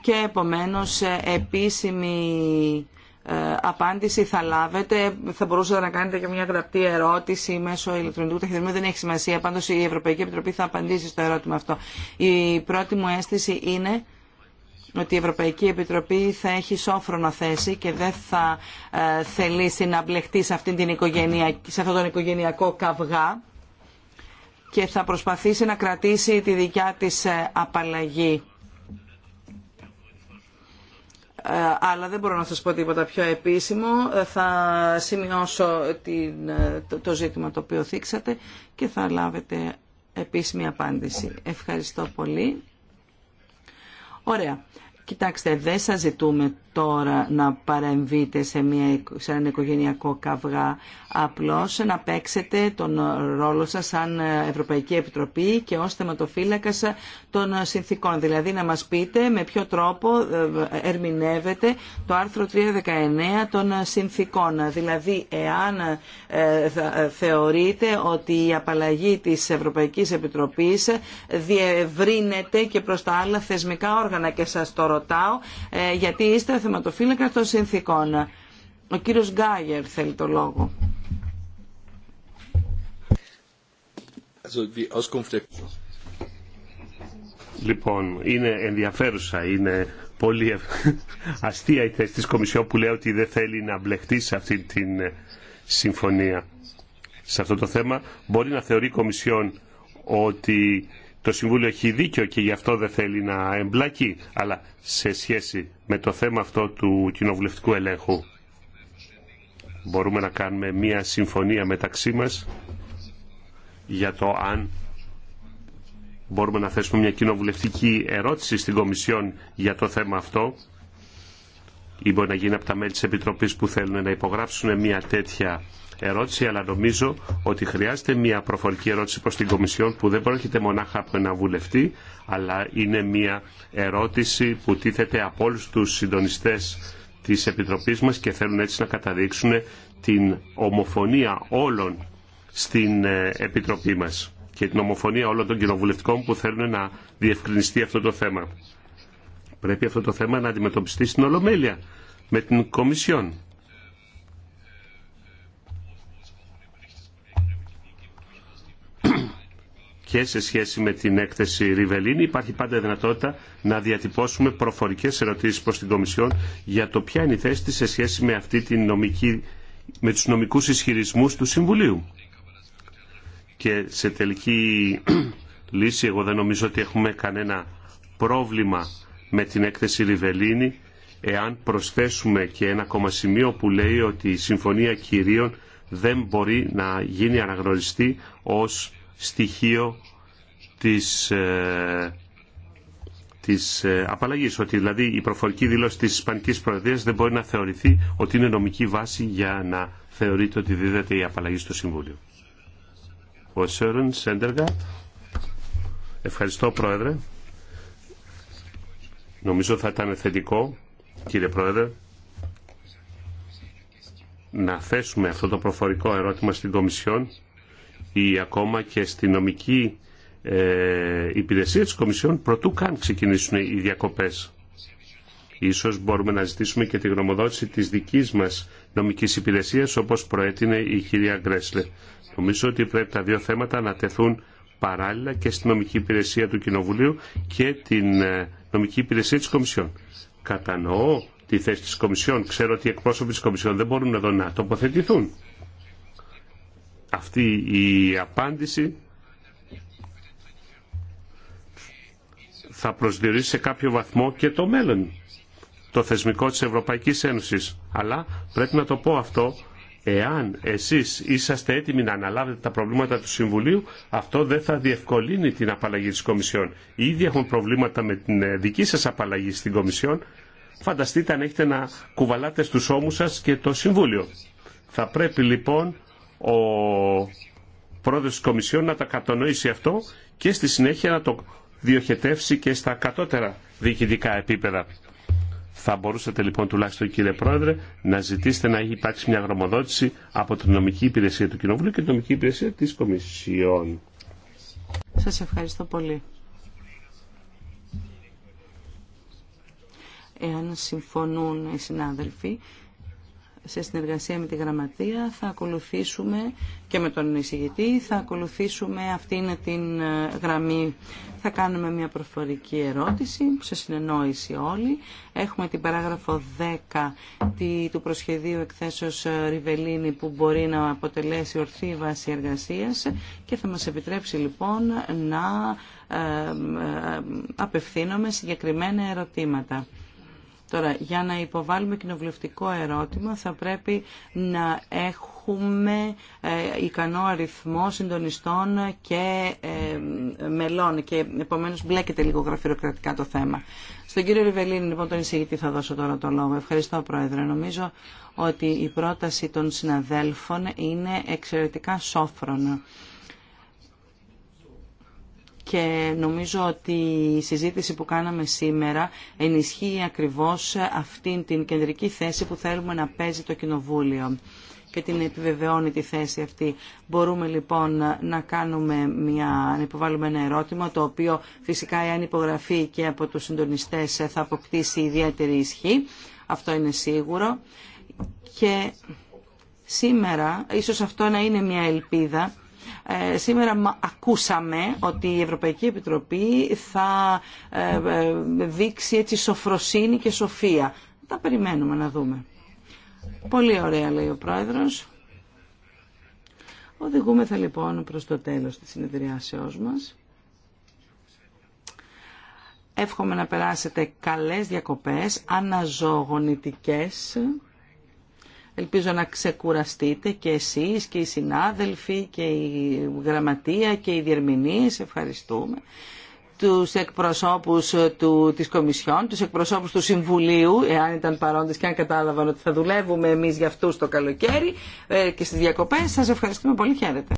και επομένως επίσημη ε, απάντηση θα λάβετε. Θα μπορούσατε να κάνετε και μια γραπτή ερώτηση μέσω ηλεκτρονικού ταχυδρομείου. Δεν έχει σημασία. Πάντω η Ευρωπαϊκή Επιτροπή θα απαντήσει στο ερώτημα αυτό. Η πρώτη μου αίσθηση είναι ότι η Ευρωπαϊκή Επιτροπή θα έχει σόφρονα θέση και δεν θα ε, θελήσει να μπλεχτεί σε, αυτήν την οικογένεια, σε αυτόν τον οικογενειακό καυγά και θα προσπαθήσει να κρατήσει τη δικιά της ε, απαλλαγή ε, αλλά δεν μπορώ να σας πω τίποτα πιο επίσημο. Ε, θα σημειώσω την, ε, το, το ζήτημα το οποίο θίξατε και θα λάβετε επίσημη απάντηση. Ευχαριστώ πολύ. Ωραία. Κοιτάξτε, δεν σας ζητούμε τώρα να παρεμβείτε σε, μια, σε έναν οικογενειακό καυγά, απλώς να παίξετε τον ρόλο σας σαν Ευρωπαϊκή Επιτροπή και ως θεματοφύλακας των συνθήκων. Δηλαδή να μας πείτε με ποιο τρόπο ε, ερμηνεύεται το άρθρο 319 των συνθήκων. Δηλαδή εάν ε, ε, θεωρείτε ότι η απαλλαγή της Ευρωπαϊκής Επιτροπής διευρύνεται και προς τα άλλα θεσμικά όργανα και σας το ρωτάω γιατί είστε θεματοφύλακα των συνθήκων. Ο κύριος Γκάγερ θέλει το λόγο. Λοιπόν, είναι ενδιαφέρουσα, είναι πολύ [laughs] αστεία η θέση της Κομισιόν που λέει ότι δεν θέλει να μπλεχτεί σε αυτή τη ε, συμφωνία. Σε αυτό το θέμα μπορεί να θεωρεί η Κομισιόν ότι το Συμβούλιο έχει δίκιο και γι' αυτό δεν θέλει να εμπλακεί, αλλά σε σχέση με το θέμα αυτό του κοινοβουλευτικού ελέγχου μπορούμε να κάνουμε μία συμφωνία μεταξύ μας για το αν μπορούμε να θέσουμε μια κοινοβουλευτική ερώτηση στην Κομισιόν για το θέμα αυτό ή μπορεί να γίνει από τα μέλη της Επιτροπής που θέλουν να υπογράψουν μια τέτοια ερώτηση, αλλά νομίζω ότι χρειάζεται μια προφορική ερώτηση προς την Κομισιόν που δεν πρόκειται μονάχα από ένα βουλευτή, αλλά είναι μια ερώτηση που τίθεται από όλου τους συντονιστές της Επιτροπής μας και θέλουν έτσι να καταδείξουν την ομοφωνία όλων στην ε, Επιτροπή μας και την ομοφωνία όλων των κοινοβουλευτικών που θέλουν να διευκρινιστεί αυτό το θέμα. Πρέπει αυτό το θέμα να αντιμετωπιστεί στην Ολομέλεια με την Κομισιόν. και σε σχέση με την έκθεση Ριβελίνη υπάρχει πάντα δυνατότητα να διατυπώσουμε προφορικές ερωτήσεις προς την Κομισιόν για το ποια είναι η θέση της σε σχέση με, αυτή την νομική, με τους νομικούς ισχυρισμούς του Συμβουλίου. Και σε τελική λύση εγώ δεν νομίζω ότι έχουμε κανένα πρόβλημα με την έκθεση Ριβελίνη εάν προσθέσουμε και ένα ακόμα σημείο που λέει ότι η Συμφωνία Κυρίων δεν μπορεί να γίνει αναγνωριστή ως στοιχείο της, ε, της ε, απαλλαγής. Ότι δηλαδή η προφορική δήλωση της Ισπανικής Προεδρίας δεν μπορεί να θεωρηθεί ότι είναι νομική βάση για να θεωρείται ότι δίδεται η απαλλαγή στο Συμβούλιο. Ο Ευχαριστώ Πρόεδρε. Νομίζω θα ήταν θετικό, κύριε Πρόεδρε, να θέσουμε αυτό το προφορικό ερώτημα στην Κομισιόν ή ακόμα και στη νομική ε, υπηρεσία της Κομισιόν προτού καν ξεκινήσουν οι διακοπές. Ίσως μπορούμε να ζητήσουμε και τη γνωμοδότηση της δικής μας νομικής υπηρεσίας όπως προέτεινε η κυρία Γκρέσλε. Νομίζω ότι πρέπει τα δύο θέματα να τεθούν παράλληλα και στη νομική υπηρεσία του Κοινοβουλίου και την ε, νομική υπηρεσία της Κομισιόν. Κατανοώ τη θέση τη Κομισιόν, ξέρω ότι οι εκπρόσωποι της Κομισιόν δεν μπορούν εδώ να τοποθετηθούν. Αυτή η απάντηση θα προσδιορίσει σε κάποιο βαθμό και το μέλλον, το θεσμικό της Ευρωπαϊκής Ένωσης. Αλλά πρέπει να το πω αυτό Εάν εσείς είσαστε έτοιμοι να αναλάβετε τα προβλήματα του Συμβουλίου, αυτό δεν θα διευκολύνει την απαλλαγή της Κομισιόν. Ήδη έχουν προβλήματα με την ε, δική σας απαλλαγή στην Κομισιόν. Φανταστείτε αν έχετε να κουβαλάτε στους ώμους σας και το Συμβούλιο. Θα πρέπει λοιπόν ο πρόεδρος της Κομισιόν να τα κατανοήσει αυτό και στη συνέχεια να το διοχετεύσει και στα κατώτερα διοικητικά επίπεδα. Θα μπορούσατε λοιπόν τουλάχιστον κύριε Πρόεδρε να ζητήσετε να έχει υπάρξει μια γραμμοδότηση από την νομική υπηρεσία του Κοινοβουλίου και την νομική υπηρεσία της Κομισιόν. Σας ευχαριστώ πολύ. Εάν συμφωνούν οι συνάδελφοι, σε συνεργασία με τη Γραμματεία θα ακολουθήσουμε και με τον εισηγητή θα ακολουθήσουμε αυτήν την ε, γραμμή. Θα κάνουμε μια προφορική ερώτηση σε συνεννόηση όλοι. Έχουμε την παράγραφο 10 του προσχεδίου εκθέσεως ε, Ριβελίνη που μπορεί να αποτελέσει ορθή βάση εργασίας και θα μας επιτρέψει λοιπόν να ε, απευθύνομαι συγκεκριμένα ερωτήματα. Τώρα, για να υποβάλουμε κοινοβουλευτικό ερώτημα θα πρέπει να έχουμε ε, ικανό αριθμό συντονιστών και ε, μελών και επομένως μπλέκεται λίγο γραφειοκρατικά το θέμα. Στον κύριο Ριβελίνη, λοιπόν, τον εισηγητή θα δώσω τώρα το λόγο. Ευχαριστώ, Πρόεδρε. Νομίζω ότι η πρόταση των συναδέλφων είναι εξαιρετικά σόφρονα και νομίζω ότι η συζήτηση που κάναμε σήμερα ενισχύει ακριβώς αυτήν την κεντρική θέση που θέλουμε να παίζει το Κοινοβούλιο και την επιβεβαιώνει τη θέση αυτή. Μπορούμε λοιπόν να κάνουμε μια, να υποβάλουμε ένα ερώτημα το οποίο φυσικά εάν υπογραφεί και από τους συντονιστές θα αποκτήσει ιδιαίτερη ισχύ. Αυτό είναι σίγουρο. Και σήμερα, ίσως αυτό να είναι μια ελπίδα, ε, σήμερα ακούσαμε ότι η Ευρωπαϊκή Επιτροπή θα ε, ε, δείξει έτσι σοφροσύνη και σοφία. Τα περιμένουμε να δούμε. Πολύ ωραία λέει ο Πρόεδρος. Οδηγούμεθα λοιπόν προς το τέλος της συνεδριάσεώς μας. Εύχομαι να περάσετε καλές διακοπές, αναζωογονητικές. Ελπίζω να ξεκουραστείτε και εσείς και οι συνάδελφοι και η γραμματεία και οι διερμηνείς. Ευχαριστούμε τους εκπροσώπους του, της Κομισιόν, τους εκπροσώπους του Συμβουλίου, εάν ήταν παρόντες και αν κατάλαβαν ότι θα δουλεύουμε εμείς για αυτούς το καλοκαίρι ε, και στις διακοπές. Σας ευχαριστούμε πολύ. Χαίρετε.